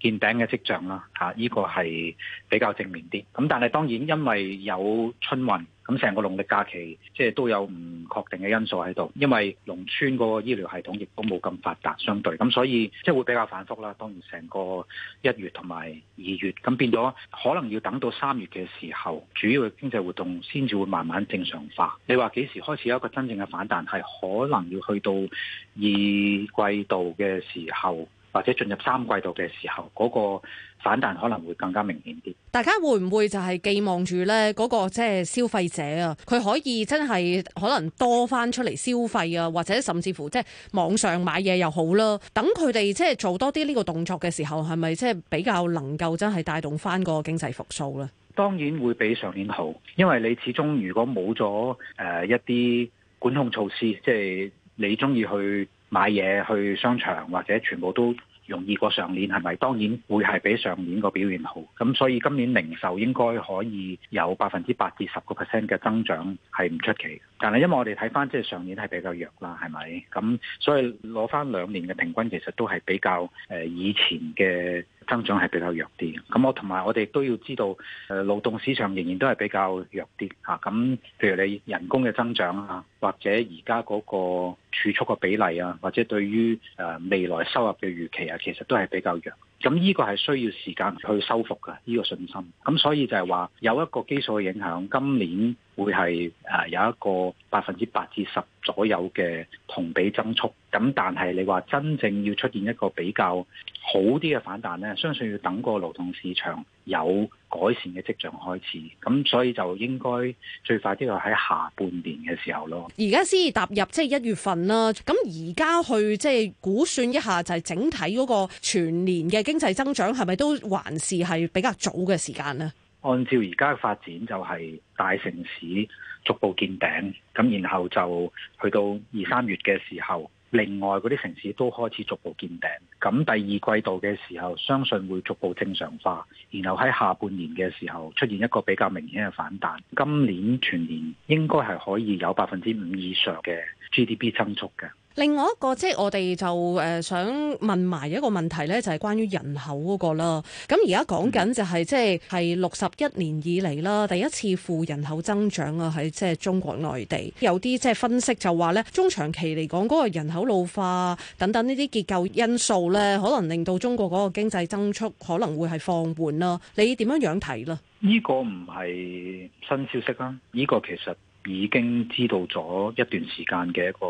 見頂嘅跡象啦，嚇、啊！呢個係比較正面啲。咁但係當然因為有春運。咁成個農曆假期即係都有唔確定嘅因素喺度，因為農村個醫療系統亦都冇咁發達，相對咁所以即係會比較反覆啦。當然成個一月同埋二月，咁變咗可能要等到三月嘅時候，主要嘅經濟活動先至會慢慢正常化。你話幾時開始有一個真正嘅反彈，係可能要去到二季度嘅時候。或者進入三季度嘅時候，嗰個反彈可能會更加明顯啲。大家會唔會就係寄望住呢？嗰個即係消費者啊，佢可以真係可能多翻出嚟消費啊，或者甚至乎即係網上買嘢又好啦。等佢哋即係做多啲呢個動作嘅時候，係咪即係比較能夠真係帶動翻個經濟復甦呢？當然會比上年好，因為你始終如果冇咗誒一啲管控措施，即係你中意去買嘢去商場或者全部都。容易過上年係咪？當然會係比上年個表現好，咁所以今年零售應該可以有百分之八至十個 percent 嘅增長係唔出奇。但係因為我哋睇翻即係上年係比較弱啦，係咪？咁所以攞翻兩年嘅平均其實都係比較誒、呃、以前嘅。增長係比較弱啲，咁我同埋我哋都要知道，誒、呃、勞動市場仍然都係比較弱啲嚇。咁、啊、譬如你人工嘅增長啊，或者而家嗰個儲蓄嘅比例啊，或者對於誒、呃、未來收入嘅預期啊，其實都係比較弱。咁呢個係需要時間去修復嘅呢、這個信心。咁所以就係話有一個基數嘅影響，今年會係誒、啊、有一個百分之八至十左右嘅同比增速。咁但係你話真正要出現一個比較好啲嘅反彈咧，相信要等個勞動市場有改善嘅跡象開始，咁所以就應該最快啲就喺下半年嘅時候咯。而家先至踏入即係一月份啦，咁而家去即係估算一下，就係整體嗰個全年嘅經濟增長係咪都還是係比較早嘅時間呢，按照而家嘅發展就係大城市逐步見頂，咁然後就去到二三月嘅時候。另外嗰啲城市都開始逐步見頂，咁第二季度嘅時候，相信會逐步正常化，然後喺下半年嘅時候出現一個比較明顯嘅反彈，今年全年應該係可以有百分之五以上嘅 GDP 增速嘅。另外一個即係、就是、我哋就誒想問埋一個問題呢就係、是、關於人口嗰、那個啦。咁而家講緊就係即係係六十一年以嚟啦，第一次負人口增長啊，喺即係中國內地有啲即係分析就話呢，中長期嚟講嗰個人口老化等等呢啲結構因素呢，可能令到中國嗰個經濟增速可能會係放緩啦。你點樣樣睇咧？呢個唔係新消息啦，呢、這個其實已經知道咗一段時間嘅一個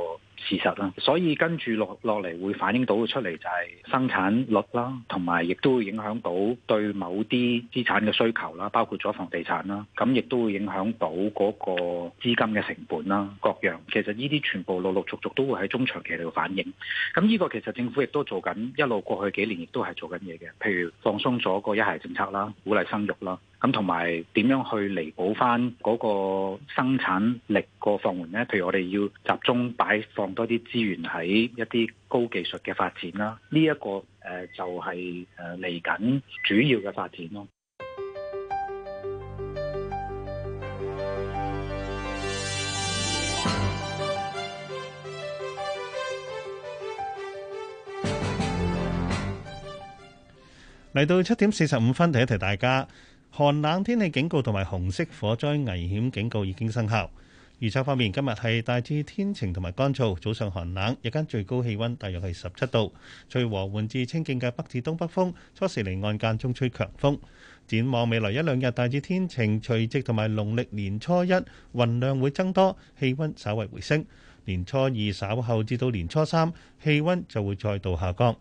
事實啦，所以跟住落落嚟會反映到出嚟就係生產率啦，同埋亦都會影響到對某啲資產嘅需求啦，包括咗房地產啦，咁亦都會影響到嗰個資金嘅成本啦，各樣其實呢啲全部陸陸續續都會喺中長期度反映。咁呢個其實政府亦都做緊一路過去幾年，亦都係做緊嘢嘅，譬如放鬆咗個一孩政策啦，鼓勵生育啦。咁同埋點樣去彌補翻嗰個生產力個放緩呢？譬如我哋要集中擺放多啲資源喺一啲高技術嘅發展啦。呢、這、一個誒就係誒嚟緊主要嘅發展咯。嚟到七點四十五分，提一提大家。寒冷天氣警告同埋紅色火災危險警告已經生效。預測方面，今日係大致天晴同埋乾燥，早上寒冷，日間最高氣温大約係十七度，吹和緩至清勁嘅北至東北風，初時離岸間中吹強風。展望未來一兩日，大致天晴，除夕同埋農曆年初一雲量會增多，氣温稍為回升。年初二稍後至到年初三，氣温就會再度下降。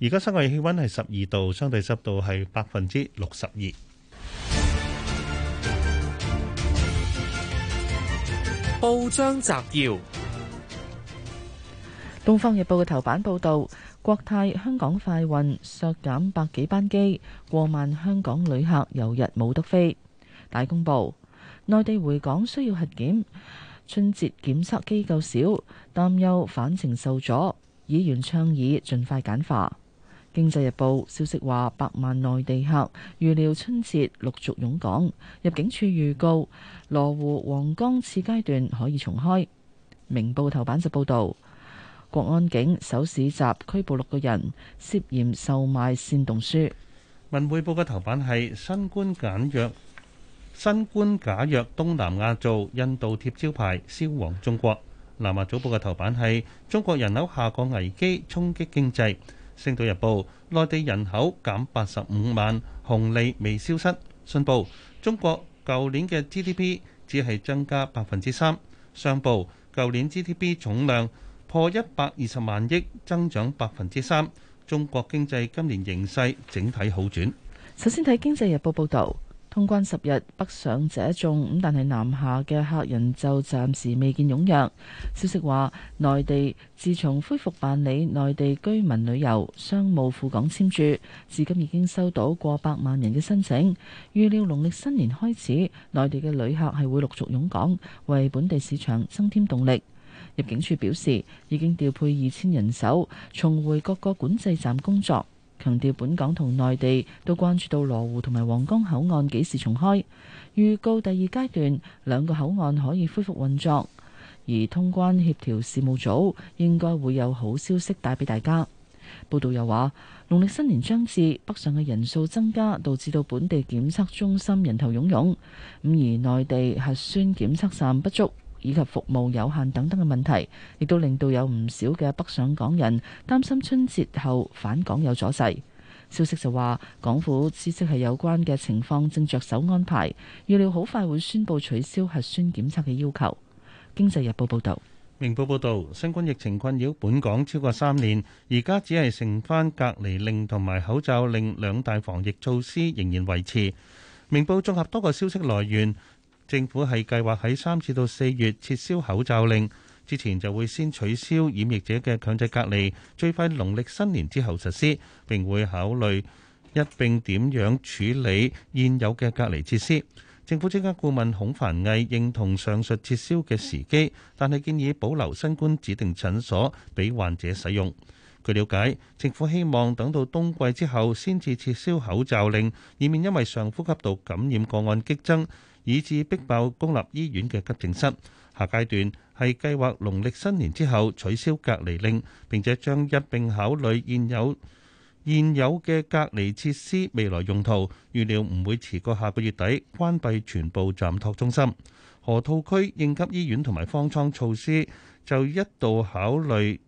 而家室外氣温係十二度，相對濕度係百分之六十二。報章摘要：《東方日報》嘅頭版報道，國泰香港快運削減百幾班機，過萬香港旅客遊日冇得飛。大公報：內地回港需要核檢，春節檢測機構少，擔憂返程受阻。議員倡議盡快簡化。經濟日報消息話，百萬內地客預料春節陸續湧港。入境處預告羅湖皇崗次階段可以重開。明報頭版就報道，國安警首市集拘捕六個人，涉嫌售賣煽動書。文匯報嘅頭版係新冠簡約，新冠假藥東南亞造，印度貼招牌銷往中國。南華早報嘅頭版係中國人口下降危機衝擊經濟。《星島日報》內地人口減八十五萬，紅利未消失。信報：中國舊年嘅 GDP 只係增加百分之三。上報：舊年 GDP 總量破一百二十萬億，增長百分之三。中國經濟今年形勢整體好轉。首先睇《經濟日報》報導。通關十日，北上者眾，咁但係南下嘅客人就暫時未見踴躍。消息話，內地自從恢復辦理內地居民旅遊、商務赴港簽注，至今已經收到過百萬人嘅申請。預料農曆新年開始，內地嘅旅客係會陸續湧港，為本地市場增添動力。入境處表示，已經調配二千人手，重回各個管制站工作。強調本港同內地都關注到羅湖同埋皇崗口岸幾時重開，預告第二階段兩個口岸可以恢復運作，而通關協調事務組應該會有好消息帶俾大家。報道又話，農曆新年將至，北上嘅人數增加，導致到本地檢測中心人頭涌涌，咁而內地核酸檢測站不足，以及服務有限等等嘅問題，亦都令到有唔少嘅北上港人擔心春節後返港有阻滯。消息就話，港府知悉係有關嘅情況，正着手安排，預料好快會宣布取消核酸檢測嘅要求。經濟日報報導，明報報導，新冠疫情困擾本港超過三年，而家只係剩返隔離令同埋口罩令兩大防疫措施仍然維持。明報綜合多個消息來源。政府係計劃喺三至到四月撤銷口罩令，之前就會先取消染疫者嘅強制隔離，最快農曆新年之後實施。並會考慮一並點樣處理現有嘅隔離設施。政府專家顧問孔凡毅認同上述撤銷嘅時機，但係建議保留新冠指定診所俾患者使用。據了解，政府希望等到冬季之後先至撤銷口罩令，以免因為上呼吸道感染個案激增。以致逼爆公立醫院嘅急症室。下階段係計劃農曆新年之後取消隔離令，並且將一併考慮現有現有嘅隔離設施未來用途。預料唔會遲過下個月底關閉全部暫託中心。河套區應急醫院同埋方艙措施就一度考慮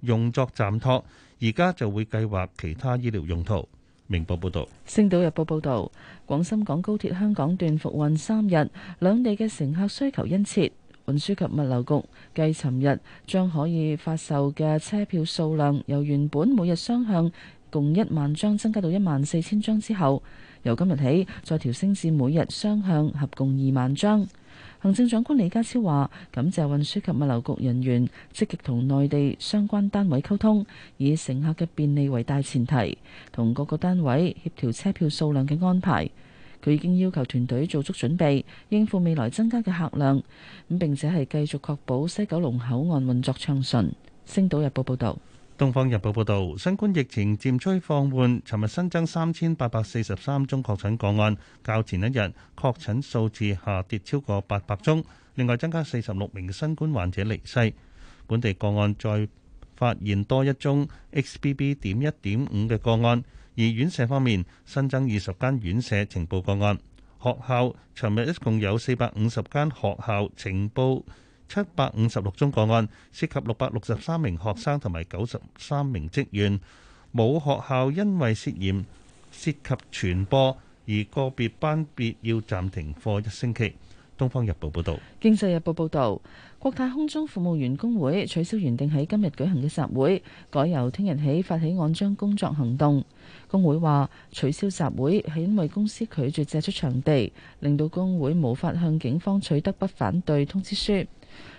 用作暫託，而家就會計劃其他醫療用途。明報報道，《星島日報》報道，廣深港高鐵香港段復運三日，兩地嘅乘客需求殷切。運輸及物流局繼尋日將可以發售嘅車票數量由原本每日雙向共一萬張增加到一萬四千張之後，由今日起再調升至每日雙向合共二萬張。行政長官李家超話，感謝運輸及物流局人員積極同內地相關單位溝通，以乘客嘅便利為大前提，同各個單位協調車票數量嘅安排。佢已經要求團隊做足準備，應付未來增加嘅客量，咁並且係繼續確保西九龍口岸運作暢順。星島日報報道。《東方日報》報導，新冠疫情漸趨放緩。尋日新增三千八百四十三宗確診個案，較前一日確診數字下跌超過八百宗。另外增加四十六名新冠患者離世。本地個案再發現多一宗 XBB 點一點五嘅個案，而院舍方面新增二十間院舍呈報個案。學校尋日一共有四百五十間學校呈報。七百五十六宗個案涉及六百六十三名學生同埋九十三名職員。冇學校因為涉嫌涉及傳播而個別班別要暫停課一星期。《東方日報》報導，《經濟日報》報導，國泰空中服務員工會取消原定喺今日舉行嘅集會，改由聽日起發起按章工作行動。工會話取消集會係因為公司拒絕借出場地，令到工會無法向警方取得不反對通知書。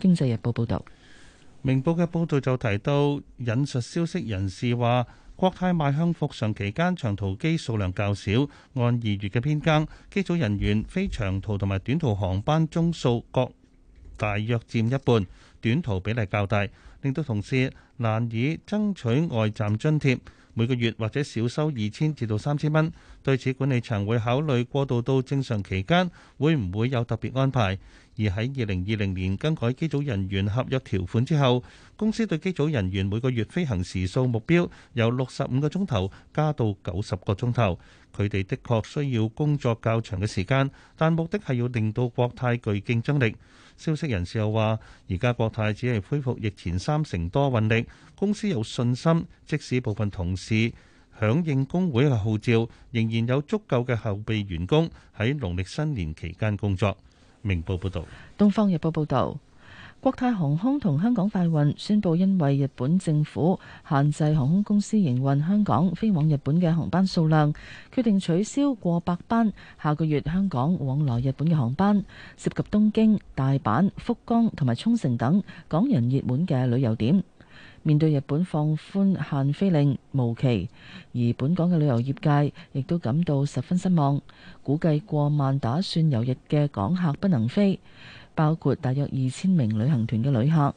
經濟日報報道，明報嘅報道就提到，引述消息人士話，國泰邁向復常期間長途機數量較少，按二月嘅偏更，機組人員飛長途同埋短途航班宗數各大約佔一半，短途比例較大，令到同事難以爭取外站津貼。每個月或者少收二千至到三千蚊，對此管理層會考慮過渡到正常期間會唔會有特別安排。而喺二零二零年更改機組人員合約條款之後，公司對機組人員每個月飛行時數目標由六十五個鐘頭加到九十個鐘頭。佢哋的確需要工作較長嘅時間，但目的係要令到國泰具競爭力。消息人士又話：而家國泰只係恢復疫前三成多運力，公司有信心，即使部分同事響應工會嘅號召，仍然有足夠嘅後備員工喺農曆新年期間工作。明報報道。《東方日報》報導。國泰航空同香港快運宣布，因為日本政府限制航空公司營運香港飛往日本嘅航班數量，決定取消過百班下個月香港往來日本嘅航班，涉及東京、大阪、福岡同埋沖繩等港人熱門嘅旅遊點。面對日本放寬限飛令無期，而本港嘅旅遊業界亦都感到十分失望，估計過萬打算遊日嘅港客不能飛。包括大約二千名旅行團嘅旅客，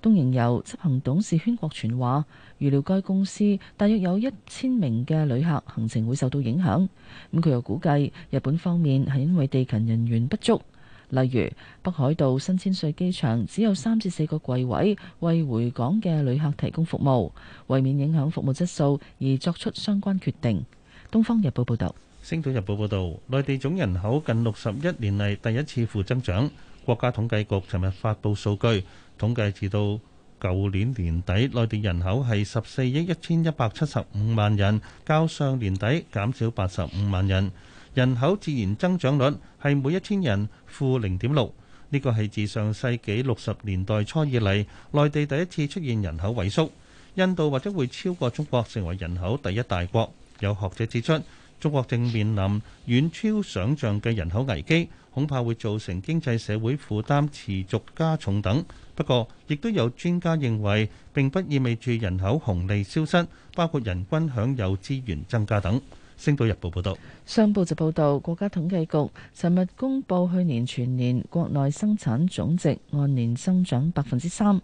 東瀛遊執行董事禤國全話，預料該公司大約有一千名嘅旅客行程會受到影響，咁佢又估計日本方面係因為地勤人員不足，例如北海道新千歲機場只有三至四個櫃位為回港嘅旅客提供服務，為免影響服務質素而作出相關決定。《東方日報》報道，《星島日報》報道，內地總人口近六十一年嚟，第一次負增長。國家統計局尋日發布數據，統計至到舊年年底，內地人口係十四億一千一百七十五萬人，較上年底減少八十五萬人，人口自然增長率係每一千人負零點六，呢個係自上世紀六十年代初以嚟內地第一次出現人口萎縮。印度或者會超過中國成為人口第一大國，有學者指出。中國正面臨遠超想象嘅人口危機，恐怕會造成經濟社會負擔持續加重等。不過，亦都有專家認為，並不意味住人口紅利消失，包括人均享有資源增加等。星島日報報道，商報就報道，國家統計局尋日公布去年全年國內生產總值按年增長百分之三。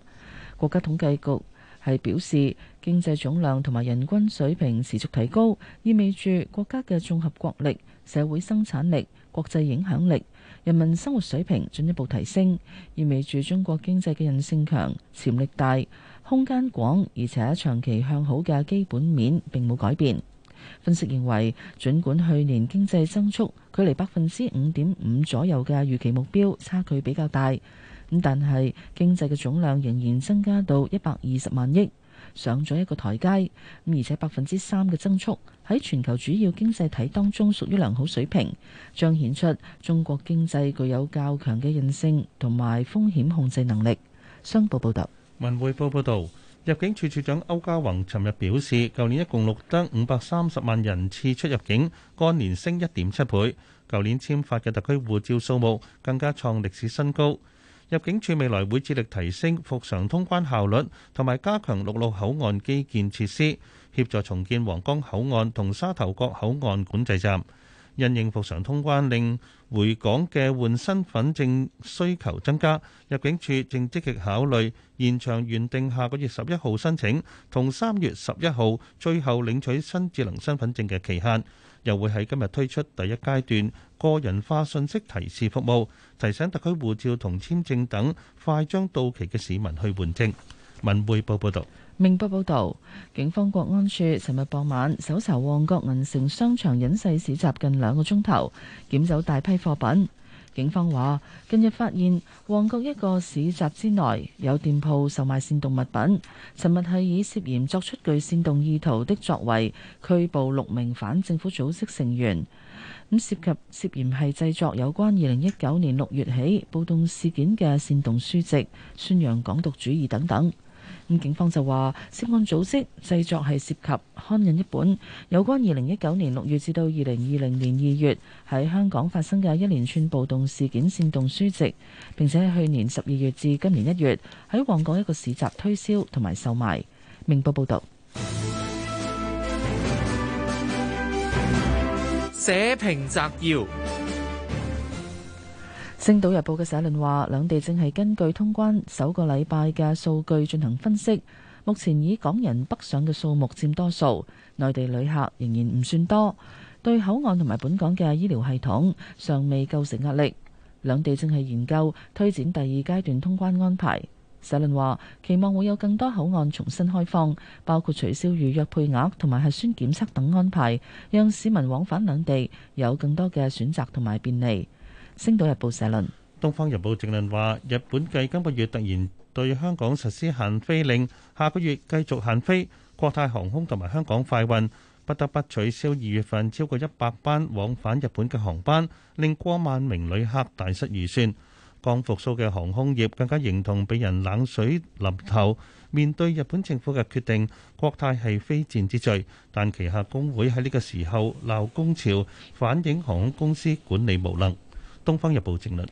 國家統計局，係表示經濟總量同埋人均水平持續提高，意味住國家嘅綜合國力、社會生產力、國際影響力、人民生活水平進一步提升，意味住中國經濟嘅韌性強、潛力大、空間廣，而且長期向好嘅基本面並冇改變。分析認為，儘管去年經濟增速距離百分之五點五左右嘅預期目標差距比較大。咁但係經濟嘅總量仍然增加到一百二十萬億，上咗一個台階。而且百分之三嘅增速喺全球主要經濟體當中屬於良好水平，彰顯出中國經濟具有較強嘅韌性同埋風險控制能力。商報報道，文匯報報道，入境處處長歐家宏尋日表示，舊年一共錄得五百三十萬人次出入境，按年升一點七倍。舊年簽發嘅特區護照數目更加創歷史新高。入境處未來會致力提升復常通關效率，同埋加強陸路口岸基建設施，協助重建皇崗口岸同沙頭角口岸管制站。因應復常通關，令回港嘅換身份證需求增加，入境處正積極考慮延長原定下個月十一號申請同三月十一號最後領取新智能身份證嘅期限，又會喺今日推出第一階段。個人化信息提示服務，提醒特區護照同簽證等快將到期嘅市民去換證。文匯報報道：「明報報道，警方國安處尋日傍晚搜查旺角銀城商場隱世市集近兩個鐘頭，檢走大批貨品。警方話，近日發現旺角一個市集之內有店鋪售賣煽動物品，尋日係以涉嫌作出具煽動意圖的作為拘捕六名反政府組織成員。咁涉及涉嫌係製作有關二零一九年六月起暴動事件嘅煽動書籍，宣揚港獨主義等等。咁警方就話，涉案組織製作係涉及刊印一本有關二零一九年六月至到二零二零年二月喺香港發生嘅一連串暴動事件煽動書籍，並且喺去年十二月至今年一月喺旺角一個市集推銷同埋售賣。明報報道。社評摘要《星島日報》嘅社論話，兩地正係根據通關首個禮拜嘅數據進行分析，目前以港人北上嘅數目占多數，內地旅客仍然唔算多，對口岸同埋本港嘅醫療系統尚未構成壓力，兩地正係研究推展第二階段通關安排。社論話期望會有更多口岸重新開放，包括取消預約配額同埋核酸檢測等安排，讓市民往返兩地有更多嘅選擇同埋便利。星島日報社論，東方日報正論話，日本繼今個月突然對香港實施限飛令，下個月繼續限飛，國泰航空同埋香港快運不得不取消二月份超過一百班往返日本嘅航班，令過萬名旅客大失預算。降復蘇嘅航空業更加認同俾人冷水淋頭，面對日本政府嘅決定，國泰係非戰之罪，但旗下工會喺呢個時候鬧工潮，反映航空公司管理無能。《東方日報》正論。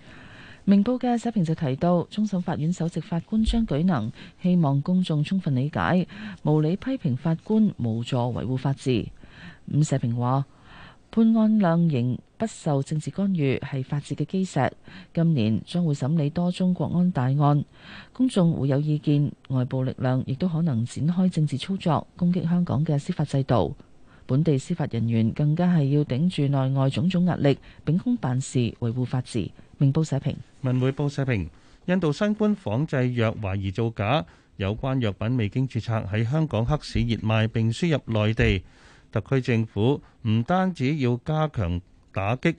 明報嘅社評就提到，終審法院首席法官張舉能希望公眾充分理解，無理批評法官無助維護法治。吳社評話。判案量刑不受政治干預係法治嘅基石。今年將會審理多宗國安大案，公眾會有意見，外部力量亦都可能展開政治操作，攻擊香港嘅司法制度。本地司法人員更加係要頂住內外種種壓力，秉公辦事，維護法治。明報社評。文匯報社評，印度新冠仿製藥懷疑造假，有關藥品未經註冊喺香港黑市熱賣並輸入內地。特區政府唔單止要加強打擊，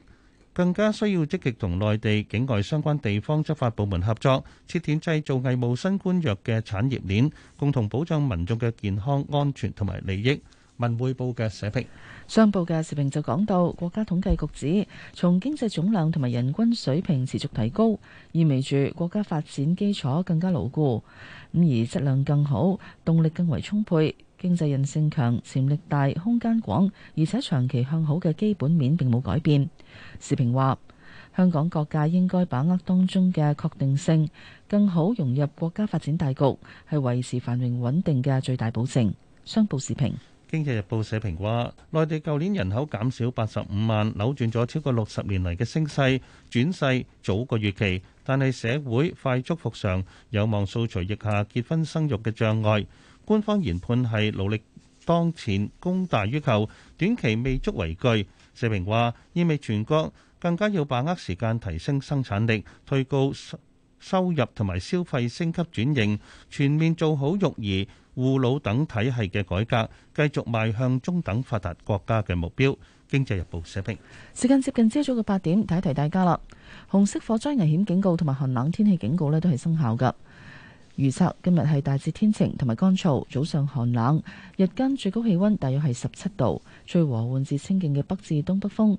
更加需要積極同內地、境外相關地方執法部門合作，切斷製造偽冒新冠藥嘅產業鏈，共同保障民眾嘅健康、安全同埋利益。文匯報嘅社評，商報嘅時評就講到，國家統計局指，從經濟總量同埋人均水平持續提高，意味住國家發展基礎更加牢固，咁而質量更好，動力更為充沛。經濟韌性強、潛力大、空間廣，而且長期向好嘅基本面並冇改變。時評話：香港各界應該把握當中嘅確定性，更好融入國家發展大局，係維持繁榮穩定嘅最大保證。商報時評，《經濟日報》社評話：內地舊年人口減少八十五萬，扭轉咗超過六十年嚟嘅升勢，轉勢早過預期，但係社會快速復常，有望掃除疫下結婚生育嘅障礙。官方研判係勞力當前供大於求，短期未足為懼。社評話意味全國更加要把握時間提升生產力，推高收入同埋消費升級轉型，全面做好育兒、護老等體系嘅改革，繼續邁向中等發達國家嘅目標。經濟日報社評。時間接近朝早嘅八點，提一提大家啦。紅色火災危險警告同埋寒冷天氣警告呢都係生效噶。預測今日係大致天晴同埋乾燥，早上寒冷，日間最高氣溫大約係十七度，吹和緩至清勁嘅北至東北風。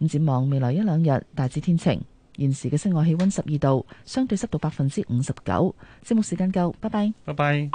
咁展望未來一兩日，大致天晴。現時嘅室外氣溫十二度，相對濕度百分之五十九。節目時間夠，拜拜。拜拜。